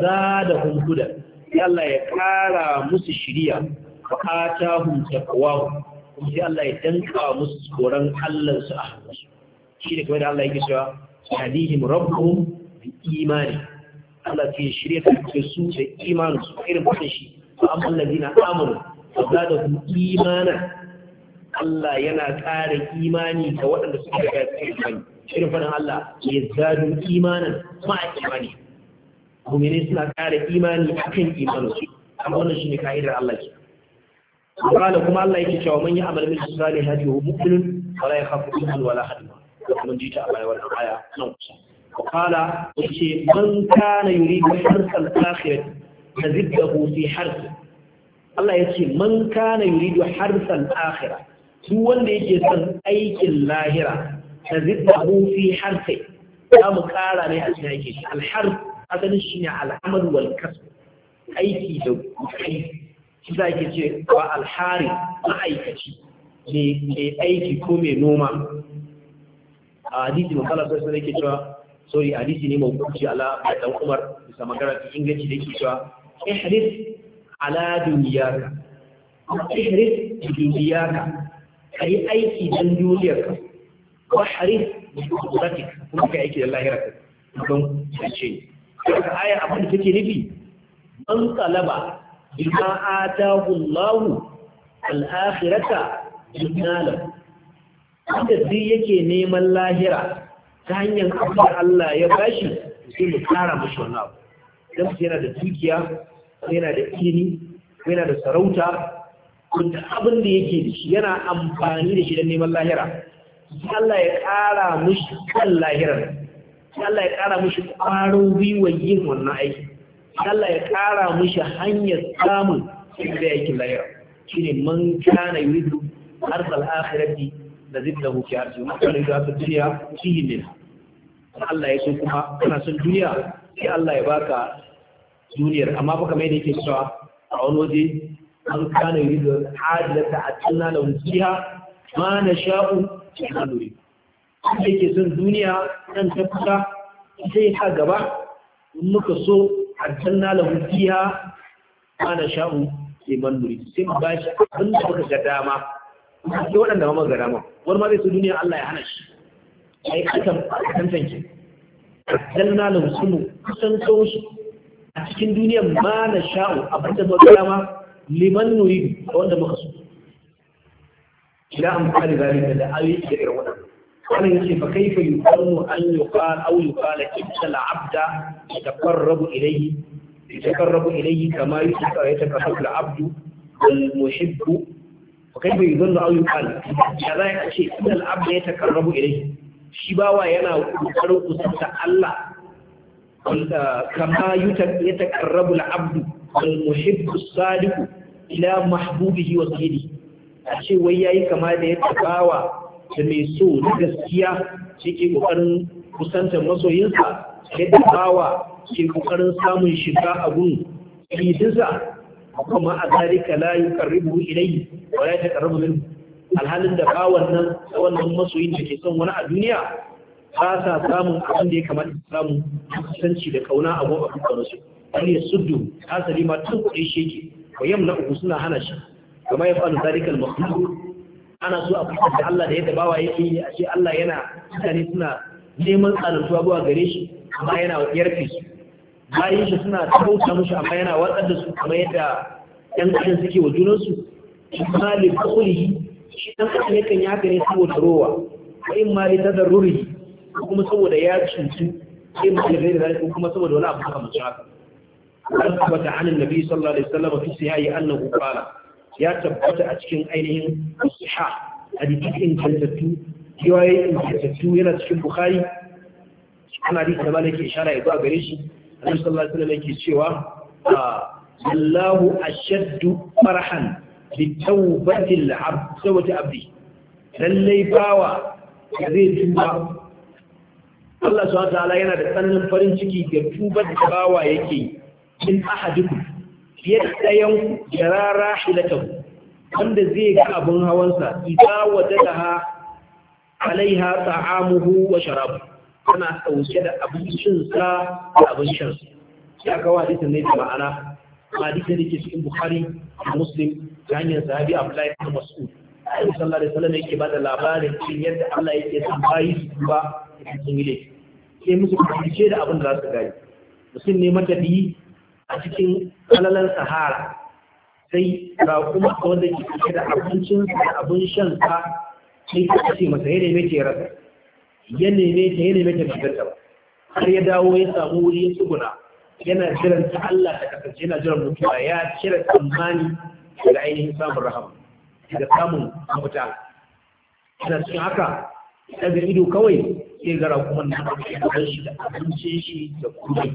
zadahum hudan sai Allah ya kara musu shiriya wa atahum taqwa kuma sai Allah ya danka musu tsoron Allah su a hannunsu shi da kuma da Allah ya yake cewa hadihim rabbuhum imani Allah ce shirya ta ce su da imanu su irin shi fa amma amanu fa imana Allah yana ƙara imani ga waɗanda suka ga imani irin fadin Allah ya zadu imanan ma imani mu'mini suna ƙara imani akan imanin su amma wannan shine ka'idar Allah ke qala kuma Allah yake cewa man ya'mal min salihati wa mu'minun fala yakhafu illa wala hadma kuma jita a bayan wannan aya nan kusa kala ce man kana yuridu harsal ta zidda hufi harsi Allah ya ce man kana yuridu harsal akhirah duk wanda yake son aikin lahira ta zidda hufi harsi za mu kara ne a cikin aikin shi alhar asalin shine al'amal wal kasb aiki da aiki shi za ki ce wa alhari ma'aikaci mai aiki ko mai noma a hadisi makala sai sai ke cewa sorry hadisi ne mawqufi ala dan Umar bisa magana ta inganci da yake ihris ala dunyaka ihris dunyaka kai aiki dan duniyarka wa haris bi qudratik kuma kai aiki da lahirarka don kace ka aya abin da take nufi man talaba bima atahu Allah al-akhirata jinnalahu wanda duk yake neman lahira ta hanyar abin da Allah ya bashi sai mu kara mashi wani abu don su yana da dukiya ko yana da ilimi ko yana da sarauta kunta abin da yake da shi yana amfani da shi don neman lahira sai Allah ya kara mashi kan lahirar sai Allah ya kara mashi ƙwarin gwiwar yin wannan aiki sai Allah ya kara mashi hanyar samun sai da aikin lahira shine man kana yuridu arsal akhirati nazid lahu fi ardi wa kana yudatu yi fihi minha Allah ya so kuma kana son duniya sai Allah ya baka duniyar amma baka mai da yake cewa a wani waje an kana yuridu hadilata atina lahu fiha ma nasha'u na nuri da yake son duniya nan ta kusa sai ha gaba in muka so aljanna lahu fiha ma nasha'u liman nuri sai mu bashi abin da muka ga dama sai waɗanda ma ga dama wani ma zai so duniya Allah ya hana shi ai akan tantance dalna lahu sunu kusan shi a cikin duniya ma na sha'u abin da zuwa dama liman nuri wanda muka so ila amfani zalika da ayi da irin wannan wannan yace fa kaifa yuqalu an yuqal aw yuqala inna al-abda yataqarrabu ilayhi yataqarrabu ilayhi kama yataqarrabu al-abdu al-muhibbu kai bai zanna au kan ya za a ce innal abda ya takarrabu ilayhi shi bawa yana kokarin kusanta Allah kama ya takarrabu al-abdu muhibbu sadiqu ila mahbubihi wa sayyidi a ce wai yayi kama da yadda Bawa da mai so na gaskiya shi ke kokarin kusantar masoyinsa yadda bawa ke kokarin samun shiga a gun kidinsa kuma a zalika la yuqarribu ilayhi wa la yataqarrabu minhu alhalin da ba wannan wannan masoyin da ke son wani a duniya ba sa samun abin da ya kamata su samu kusanci da kauna a gobe a kan su an ya suddu asali ma tun kuɗi sheke wa na uku suna hana shi kama ya fa'alu zalika al ana so a fitar da Allah da yadda bawa yake yi a ce Allah yana mutane suna neman tsanantuwa zuwa gare shi amma yana yarfe su bayan shi suna kauta mushi amma yana watsar da su kamar yadda ɗan ƙasar suke wa junansu shi ma li kulihi shi ɗan ƙasar yakan yi haka ne saboda rowa sai ma ruri ko kuma saboda ya cutu sai ma da gaira ko kuma saboda wani abu haka mace haka an tabbata an annabi sallallahu alaihi wasallam fi sahihi annahu qala ya tabbata a cikin ainihin sahih hadisi ingantattu riwayoyi ingantattu yana cikin bukhari ana hadisi da malaka ishara ya zuwa gare shi Annabi sallallahu alaihi wasallam yake cewa ah, Allahu ashaddu farhan bi tawbatil abd sawati abdi lallai bawa zai tuba Allah subhanahu wataala yana da tsananin farin ciki ga tubar da bawa yake in ahadukum fiye da ɗayan jarara wanda zai ga abin hawansa idza wajadaha alaiha ta'amuhu wa sharabuhu tana ɗauke da abincinsa da abincin shan ya wa hadisin ne da ma'ana hadisin da ke cikin bukhari da muslim ta hanyar sahabi abdullahi ibn mas'ud ayi sallallahu alaihi wasallam yake bada labarin cin yadda Allah yake san bayi su ba cikin gile sai musu kace da abin da za su gani mutum ne matafiyi a cikin alalan sahara sai ga kuma wanda ke cike da abincinsa da abin shan sa sai ka ce masa yadda mai ke rasa ya neme ta ya neme ta gaggarta ba har ya dawo ya samu wuri ya tsuguna yana jiran ta Allah ta kasance yana jiran mutuwa ya cire tsammani daga ainihin samun rahama daga samun mafita yana cikin haka daga ido kawai sai gara kuma na kan shi da abincin shi da kudi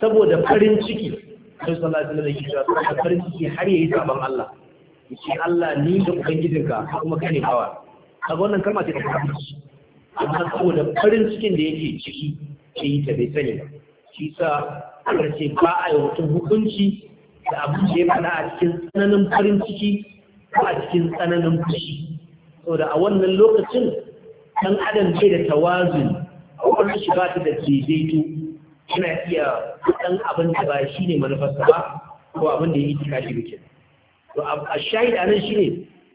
saboda farin ciki sai sallallahu alaihi wasallam ya ce farin ciki har yayi saban Allah yace Allah ni da ubangijinka kuma kane bawa kaga wannan kalma ce ta fara ciki amma saboda farin cikin da yake ciki ke yi ta bai sani ba shi sa aka ce ba a yi hukunci da abin da ya faɗa a cikin tsananin farin ciki ko a cikin tsananin fushi saboda a wannan lokacin ɗan adam ce da tawazun kwakwalwar shi ba ta da daidaito yana iya ɗan abin da ba shi ne manufarsa ba ko abin da ya yi tika shi bikin to a shahid a nan shi ne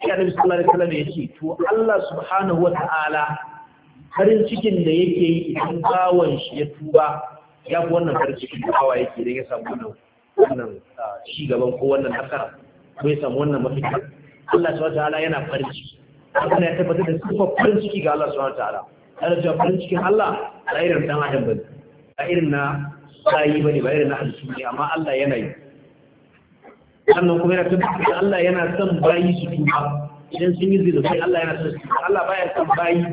shi annabi sallallahu alaihi wasallam ya ce to Allah subhanahu wa ta'ala farin cikin da yake yi idan bawon shi ya tuba ya fi wannan farin cikin da bawa yake idan ya samu wannan wannan shi gaban ko wannan nasara ko ya samu wannan mafita Allah subhanahu ta'ala yana farin ciki Allah ya tabbatar da sifar farin ciki ga Allah subhanahu ta'ala kada da farin cikin Allah a irin dan adam bane a irin na sayi bane ba irin na halittu ne amma Allah yana yi sannan kuma yana tabbatar da Allah yana son bayi su tuba idan sun yi zai sai Allah yana son Allah baya son bayi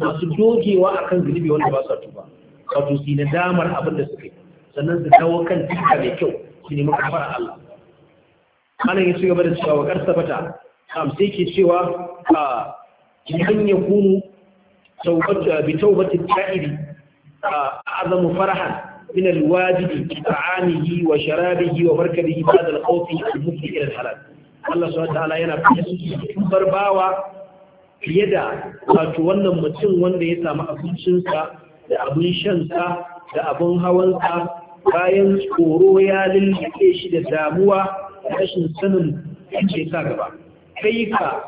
masu dogewa akan zunubi wanda ba sa tuba wato su na damar abin da suke sannan su dawo kan tuka mai kyau su nemi kafara Allah malam ya ci gaba da cewa wa karsa bata. kam sai ke cewa a an ya kunu bi taubati ta'iri a azamu farahan wa الواجب bada وشرابه ومركبه بعد الخوف المفضي الى Allah الله سبحانه وتعالى yana fitar bawa fiye da wato wannan mutum wanda ya samu abincinsa da abin shansa da abin hawansa bayan tsoro ya lullube shi da damuwa da rashin sanin yake sa gaba kai ka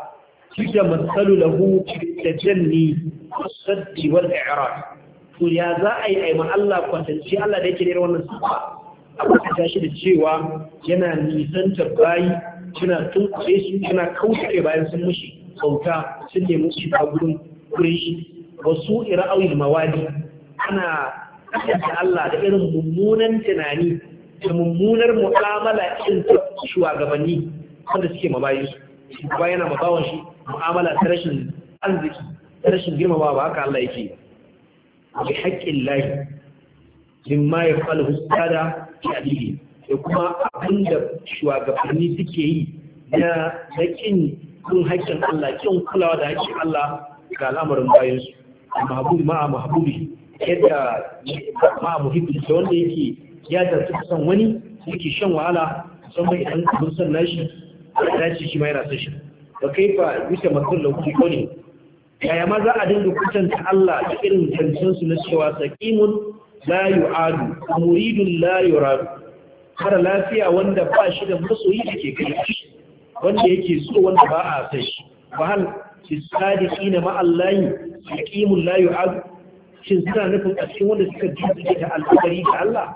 kida matsalu lahu da janni saddi wal i'rad to ya za a yi aima Allah kwatance Allah da yake da wannan sifa a ta shi da cewa yana nisantar bayi suna tunkuɗe su suna kauce bayan sun mushi sauta sun nemi su ta gurin kuri wasu ira'awil mawadi ana kasance Allah da irin mummunan tunani da mummunar mu'amala irin ta shugabanni wanda suke mabayi su shugaba yana mabawan shi mu'amala ta rashin arziki ta rashin girmama ba haka Allah yake bi haƙƙin lahi ma ya falu hustada fi abihi da kuma abinda shugabanni suke yi na dakin kun haƙƙin Allah kin kulawa da haƙƙin Allah ga al'amarin bayan su mahabubi ma'a mahabubi yadda ma'a muhibbi da wanda yake ya da su san wani yake shan wahala mai idan kun san nashi ya dace shi ma yana san shi ba kai fa yusa mutum da ko ne yaya ma za a dinga kutanta Allah da irin tantan su na cewa saqimun la yu'adu muridun la yuradu har lafiya wanda ba shi da masoyi da ke kai wanda yake so wanda ba a sai wahal fisadiqina ma Allah yaqimul la yu'ad shin suna nufin a cikin wanda suka jiji da al'amari da Allah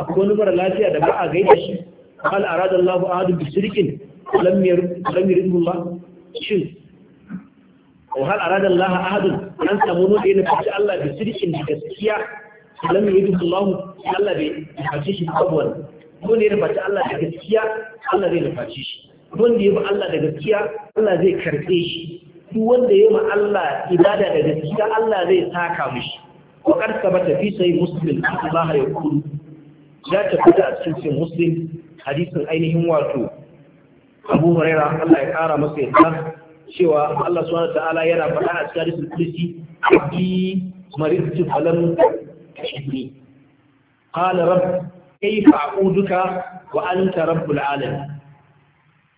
akwai wani mara lafiya da ba a gaida shi hal arada Allahu ahadun bi sirqin lam yar lam yuridullah shin wa hal arada Allah ahadun an samu wani da ya Allah bi sirqin da gaskiya lam yuridullah Allah bai faci shi abuwan ko ne da faci Allah da gaskiya Allah bai faci shi wanda ya ba Allah da gaskiya Allah zai karɓe shi duk wanda ya ma Allah ibada da gaskiya Allah zai saka mishi wa qad sabata fi sahih muslim Allah ya kudu. ya tafi da cikin sahih muslim hadisin ainihin wato Abu Huraira Allah ya kara masa yadda cewa Allah subhanahu ta'ala yana faɗa a cikin hadisin kursi abdi maritu falam tashbi qala rabb kayfa a'uduka wa anta rabbul alamin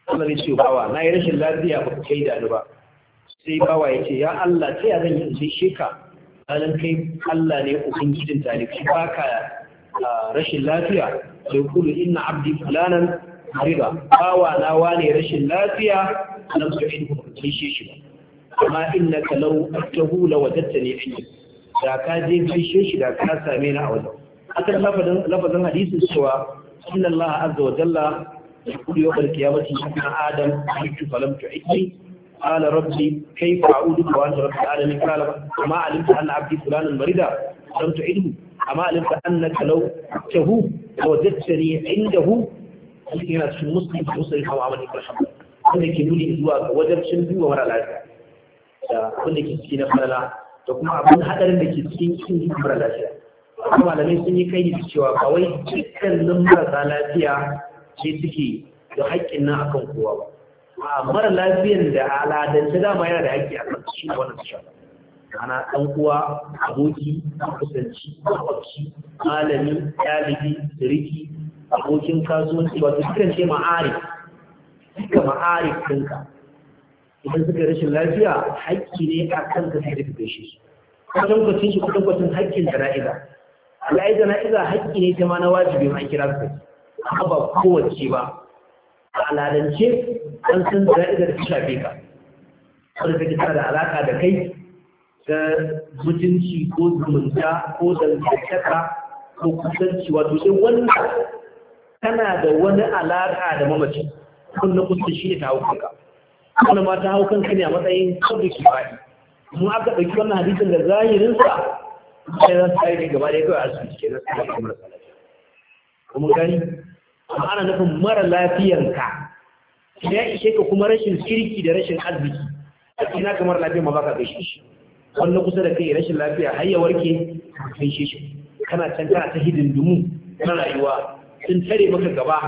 Allah ce bawa na yi rashin lafiya ba ku kai da ba sai bawa ya ce ya Allah taya ya zan yi ka. sheka ranar kai Allah ne ubangijin talibai ba ka rashin lafiya sai kulu inna abdi fulanan riba bawa na wane rashin lafiya nan su in kai shi ba amma inna ka lau tahu la wadatta ne an da ka je kishe shi da ka same ni a wajen akan lafazin hadisin cewa sallallahu Allah azza wa jalla يقول يوم القيامة يا آدم عدت فلم تعدني قال ربي كيف أعودك وأنت رب العالمين قال ما علمت أن عبدي فلانا مريضا لم تعده أما علمت أنك لو عدته لوجدتني عنده هنا في المسلم في مسلم حوى عمل إكرا حمد wanda ke nuni zuwa ga wajabcin duba mara lafiya da wanda ke ciki na falala da kuma abin hadarin da ke cikin yin duba mara lafiya kuma malamai sun yi kai da cewa kawai wai marasa lafiya ce suke da haƙƙin nan akan kowa ba a mara lafiyan da aladance dama yana da haƙƙi a kan shi wannan shi ana ɗan uwa aboki kusanci makwabci malami ɗalibi siriki abokin kasuwanci wato dukkan ce ma'arif duka ma'arif ɗinka idan suka rashin lafiya haƙƙi ne a kan ka sai da ka gaishe su kwatankwacin shi kwatankwacin haƙƙin jana'iza ala'ai jana'iza haƙƙi ne ta ma na wajibi an kira su ba kowace ba a alalance an san da ya ɗaga shafe ka wadda take tana da alaƙa da kai ta mutunci ko zumunta ko dangantaka ko kusanci wato sai wanda tana da wani alaƙa da mamaci kun na kusa shi ne ta hau ka wani ma ta hau ka ne a matsayin kawai faɗi? mun aka ɗauki wannan hadisin da zahirinsa sai za su tsaye ne gaba da ya kawai asibiti ke kuma gani Ma'ana nufin mara lafiyanka ya ishe ka kuma rashin kirki da rashin arziki a ina mara lafiya ma ba ka gaishe shi wanda kusa da kai rashin lafiya hayyawar ya warke ka gaishe shi kana can kana ta hidindimu na rayuwa sun tare maka gaba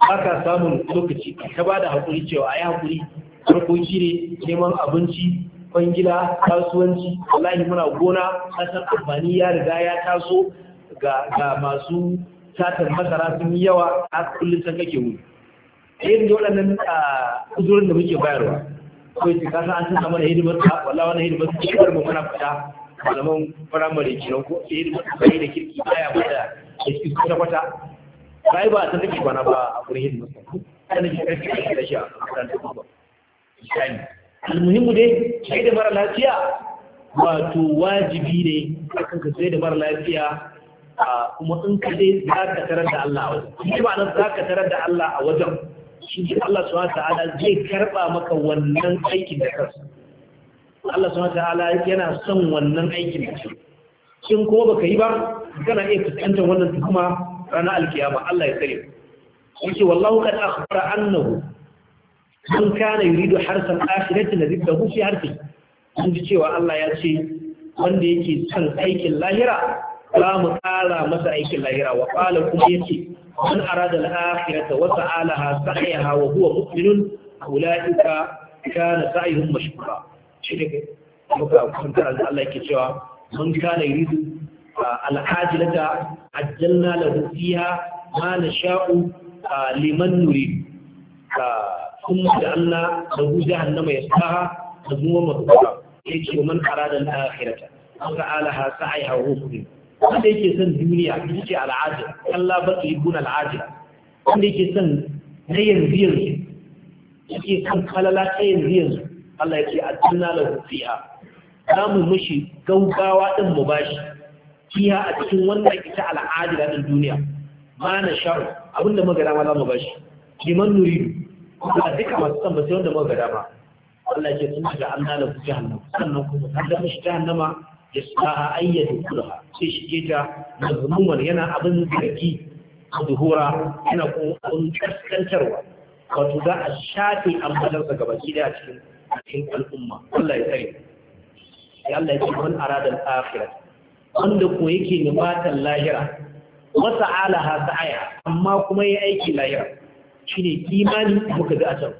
ba ka samun lokaci ta ba da haƙuri cewa a yi haƙuri harkoki ne neman abinci kwangila kasuwanci wallahi muna gona kasan amfani ya riga ya taso ga masu satar masara sun yi yawa a kullum can kake wuri ɗaya da waɗannan kuzurin da muke bayarwa Ko yi kasa an samar mana hidimar ta walla wani hidimar su cikin mu mana fita malaman firamare kenan ko a hidimar su bayi da kirki baya ba da kirki su kwata kwata bayi ba a san take kwana ba a kuri hidimar su ana nake karfi da shi da shi a makarantar ba misali almuhimmu dai sai da mara lafiya wato wajibi ne akan ka sai da mara lafiya kuma in ka dai za ka tarar da Allah a wajen shi ba za ka tarar da Allah a wajen shi ne Allah subhanahu ta'ala zai karba maka wannan aikin da kansa Allah subhanahu ta'ala yana son wannan aikin da kai shin ko baka yi ba kana iya fuskantar wannan kuma ranar alkiyama Allah ya tsare yace wallahu qad akhbara annahu man kana yuridu harsan akhirati nazidahu fi harfi sun ji cewa Allah ya ce wanda yake son aikin lahira za mu ƙara masa aikin lahira wa ƙala kuma ya ce man arada al-akhirata wa sa'alaha sa'yaha wa huwa mu'minun ulaika kana sa'yuhum mashkura shi ne muka kuntar Allah yake cewa man kana yuridu al-ajilata ajjalna da fiha ma Sha'u, liman nurid kuma da Allah da lahu jahannama yasaha da zuwa mutuwa yake man arada al-akhirata wa sa'alaha sa'yaha wa huwa mu'minun wanda yake son duniya ita ce al'ajira Allah ba su yi guna al'ajira wanda yake son na yanzu yanzu yake son kalala ta yanzu yanzu Allah ya ce a tuna da hufiya za mu mashi gaugawa ɗin mu bashi fiya a cikin wannan ita al'ajira ɗin duniya ma na sha'u abinda magana ma za mu shi, liman nuridu ba duka masu san ba sai wanda magana ba Allah ya ce sun shiga an nalabu jahannama sannan kuma ta zama shi jahannama yasbaha ayyatu kulha sai shige ta mazmuman yana abin zargi zuhura yana kuma abin kaskantarwa wato za a shafe ambatarsa gaba ki da cikin cikin al'umma Allah ya tsare ya Allah ya ce man arada al-akhirah wanda ko yake nufatan lahira wa ta'alaha sa'aya amma kuma yayi aiki lahira shine imani muka ga a can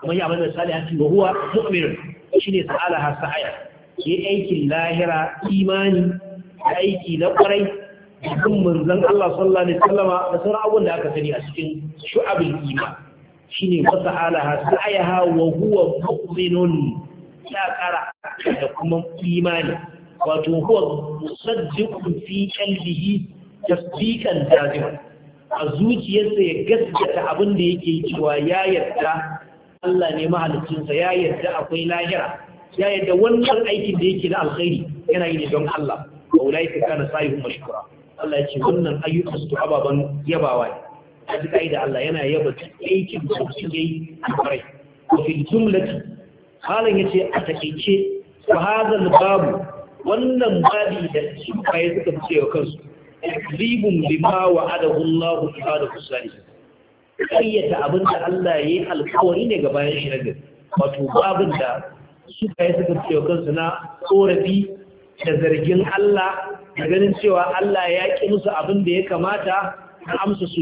kuma ya manzo salih ya ce wa huwa mu'min shine ta'alaha sa'aya Ke aikin lahira imani da aiki na kwarai da kun manzon Allah sallallahu alaihi wasallama da sauran abun da aka sani a cikin shu'abul iman shine wata alaha sa'ayaha hawa huwa mu'minun ya kara da kuma imani wato huwa musaddiqun fi qalbihi tasdiqan jaziman a zuciyarsa ya gaskata abin da yake cewa ya yarda Allah ne mahalicinsa ya yarda akwai lahira ya yadda wannan aikin da yake na alkhairi yana yi ne don Allah wa ulaika kana sa'ihum mashkura Allah ya ce wannan ayyukan su ababan yabawa ne a duk da Allah yana yaba aikin da su yayi a kai wa fil jumlati halan yace a takeice wa hadha babu wannan babi da shi kai suka fice wa kansu ribun bima wa'adahu Allah ibadahu salihin kayyata abinda Allah yayi alkawari ne ga bayan shi na gari wato babin da suka yi suka ce kansu na korafi da zargin Allah da ganin cewa Allah ya ƙi musu abin da ya kamata na amsa su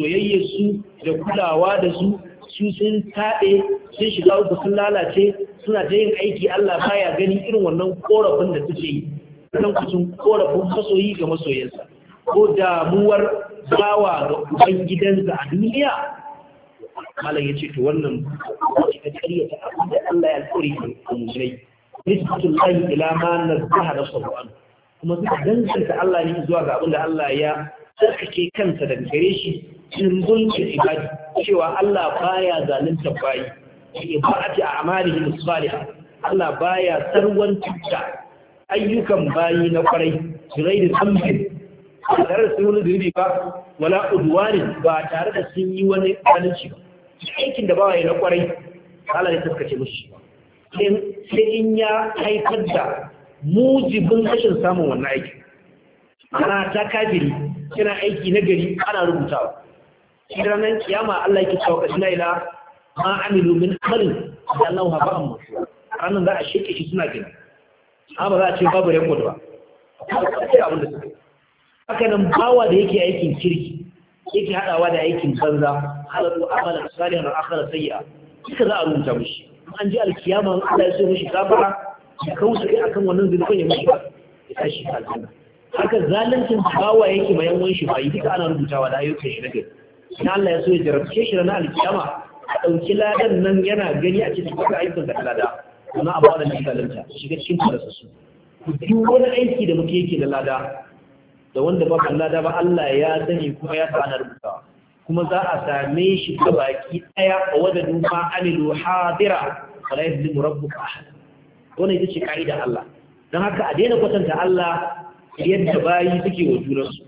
da kulawa da su su sun taɗe sun shiga uku sun lalace suna ta yin aiki Allah baya gani irin wannan korafin da suke yi wannan kusun korafin masoyi ga masoyinsa ko damuwar bawa ga uban gidansa a duniya malam ce to wannan ita ƙarya ta abin da Allah ya alƙuri da mu'minai nisbatullahi ila ma nazzaha nafsuhu an kuma suka danganta Allah ne zuwa ga abin da Allah ya tsarkake kansa daga gare shi cikin zulmin ibadi cewa Allah baya zalunta bayi bi a a'malihim salihah Allah baya sarwan da ayyukan bayi na kwarai birai da zambi ba tare da sun wani zunubi ba wala udwani ba tare da sun yi wani zalunci ba aikin da bawa ya na kwarai Allah ne taskace mishi sai in ya haifar da mujibin rashin samun wannan aiki ana ta kafiri kina aiki na gari ana rubutawa idan nan kiyama Allah yake cewa kashi na ila ma amilu min amalin da Allah ha ba'an ranar za a shirke shi suna gani amma za a ce babu rekod ba haka nan bawa da yake aikin kirki yake haɗawa da aikin banza amalu amalan salihan akhara sayya Kika za a rubuta mishi an ji alkiyama Allah ya so mushi gafara ya kausa kai akan wannan zulfin ya mushi ba ya tashi aljanna haka zaluncin bawa yake mai yan shi bai duka ana rubutawa da ayyukan shi nake in Allah ya so ya jarabce shi ranar alkiyama a ɗauki ladan nan yana gani a cikin duka ayyukan da lada kuma a bada da zalunta shiga cikin tarassu duk wani aiki da muke yake da lada da wanda ba lada ba Allah ya sani kuma ya sa ana rubuta kuma za a same shi ga baki daya a wadadin ma amilu hadira wala yadlimu rabbuka ahad wannan ita ce kaida Allah dan haka a daina kwatanta Allah yadda bayi suke wa su,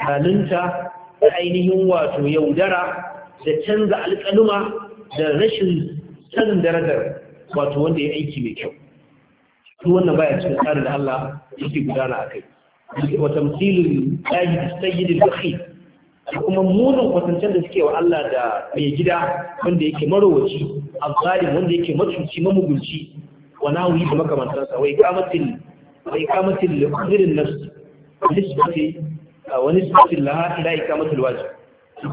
zalunta ainihin wato yaudara da canza alƙaluma da rashin sanin darajar wato wanda ya aiki mai kyau su wannan baya cikin tsarin da Allah yake gudana a kai wa tamsilul sayyid da al-bakhil da kuma munin kwatancen da suke wa Allah da mai gida wanda yake marowaci azzalim wanda yake macuci mamugunci wa nawi da sa wai kamatin wai kamatin lirin nafs nisbati wa nisbati laha ila ikamatul wajib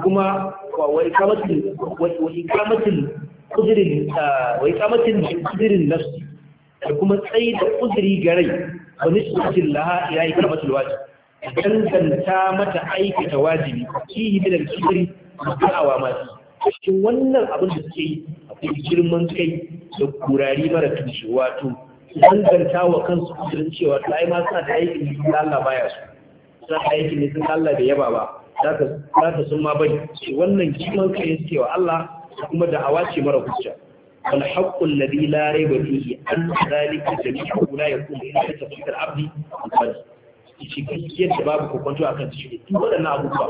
kuma wai ikamatul wai ikamatul kudirin wai ikamatin kudirin nafs kuma tsayi da kudiri ga rai wa nisbati laha ila ikamatul wajib danganta mata aikata wajibi kihi da kibri da'awa ma cikin wannan abin da suke yi akwai girman kai da kurari mara tushe wato danganta wa kansu kusurin cewa ta ai ma da aikin ne sun Allah baya su suna da aikin ne sun Allah da yaba ba za ta sun ma bari wannan girman kai suke wa Allah kuma da da'awa ce mara hujja والحق الذي لا ريب فيه أن ذلك جميعه لا يكون إلا تفكير العبد الفرد cikakkiyar da babu kokonto a kan cikin duk waɗannan abubuwa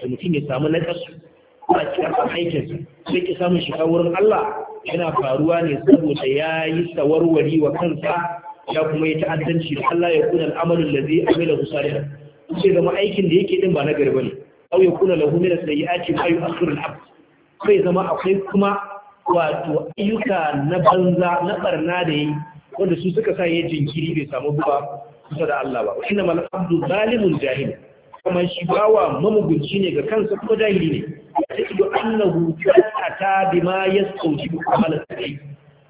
da mutum ya samu nakasu a cikin aikin? sai ki samun shiga wurin Allah yana faruwa ne saboda ya yi sawarwari wa kansa ya kuma yi ta'addanci da Allah ya kuna al'amalin da zai da su salihan sai zama aikin da yake din ba na gari bane au ya kuna lahu min sayyi'ati ma yu'akhiru al-abd sai zama akwai kuma wato ayyuka na banza na barna da yi wanda su suka sa ya jinkiri bai samu ba kusa da Allah ba inna mal abdu zalimin jahil kuma shi bawa mamugunci ne ga kansa kuma jahili ne ta ido annahu ta'ata bima yastawjibu ta yi.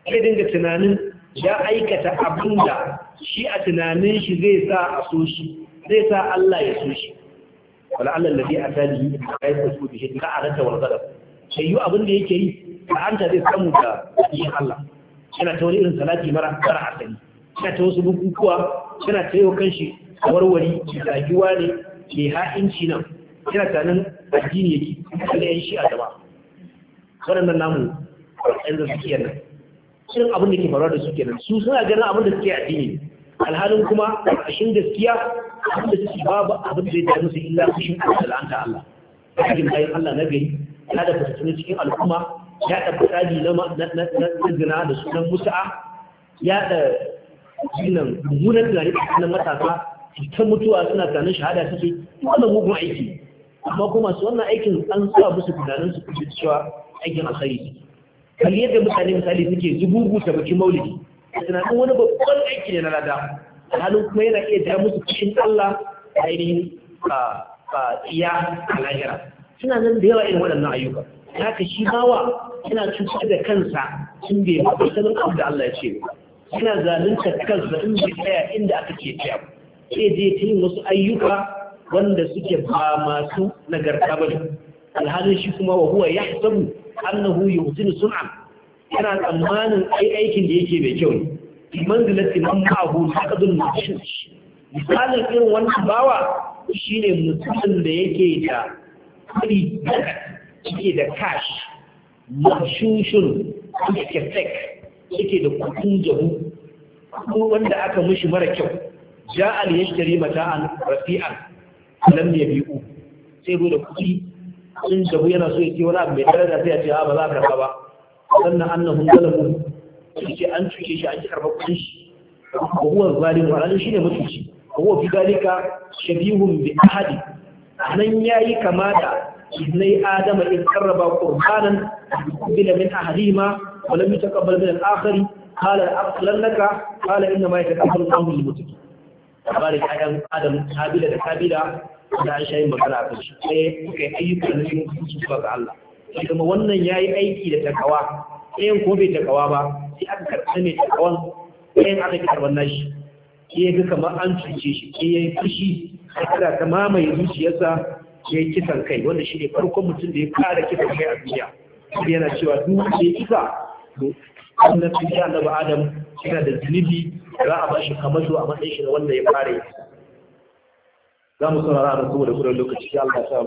sai dinga tunanin ya aikata abin da shi a tunanin shi zai sa a so shi zai sa Allah ya so shi wala Allah ladhi atani kai ko su bishi ka arata wal gadab sai yu abin da yake yi ka anta zai samu da yin Allah yana ta wani irin salati mara mara asali yana ta wasu bukukuwa yana ta yau kanshi a warware ne ke ha'inci nan yana tanin addini yake kuma yan shi a gaba waɗannan namu yan da suke nan sun abin da ke faruwa da suke nan su suna ganin abin da suke addini alhalin kuma ƙarshen gaskiya abin da suke babu abin da ya dami su illa fushin al'anta Allah cikin bayan Allah na gari ya da fitattun cikin al'umma ya da fasadi na zina da sunan musa'a ya da wannan mummunan tunani tsakanin matasa ta mutuwa suna tunanin shahada ta ce wannan mugun aiki amma kuma su wannan aikin an sa musu tunanin su kuce cewa aikin alkhairi kalli yadda mutane misali suke zubugu ta bakin maulidi tunanin wani babban aiki ne na lada halin kuma yana iya ja musu cikin Allah a ainihin iya a lahira suna nan da yawa irin waɗannan ayyuka ka shi bawa yana cutar da kansa sun bai ba sanin abu da Allah ya ce yana zalunta kansa in bi tsaya inda aka ke tsaya sai je ta yin wasu ayyuka wanda suke ba masu nagarta ba alhalin shi kuma wa huwa ya sabu annahu yuhsinu sun'a yana tsammanin ai aikin da yake mai kyau ne manzilati man ma'ahu haqdul mushrik misalin irin wannan bawa shi ne mutumin da yake da kuɗi yake da cash mashushun yake fake suke da kudin jabu ko wanda aka mishi mara kyau ja al yashtari mata'an rafi'an lam yabi'u sai zo da kudi kudin jabu yana so ya ce wani abu mai daraja sai ya ce ah, ba za ka karba ba sannan annahum zalamu suke an cuke shi an ci karba kudin shi ko huwa zalimu alhalin shine mutunci ko huwa fi dalika shabihun bi ahadi nan yayi kama da ibnai adama in karaba qur'anan bila min ahadima ولم يتقبل من الآخر قال لك قال إنما يتقبل الله المتقين تبارك ƴaƴan adam kabila da لا da an shayin magana a kan shi sai kuka yi da zuwa ga Allah wannan ya yi aiki da takawa ɗayan ko bai takawa ba sai aka karɓi mai takawan ɗayan aka karɓi nashi ke ga kamar an cuce shi ke ya yi fushi sai ta mamaye zuciyarsa ya yi kisan kai wanda shi ne farkon mutum da ya fara kisan kai a duniya yana cewa duk wanda ya to wannan annabi adam yana da zunubi za a bashi kamar a matsayin shi wanda ya fara yi za mu saurara da saboda gudun lokaci ya Allah sa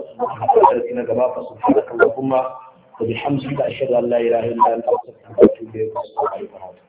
mu na gaba fa subhanakallahumma wa bihamdika ashhadu an la ilaha illa anta astaghfiruka wa atubu ilayk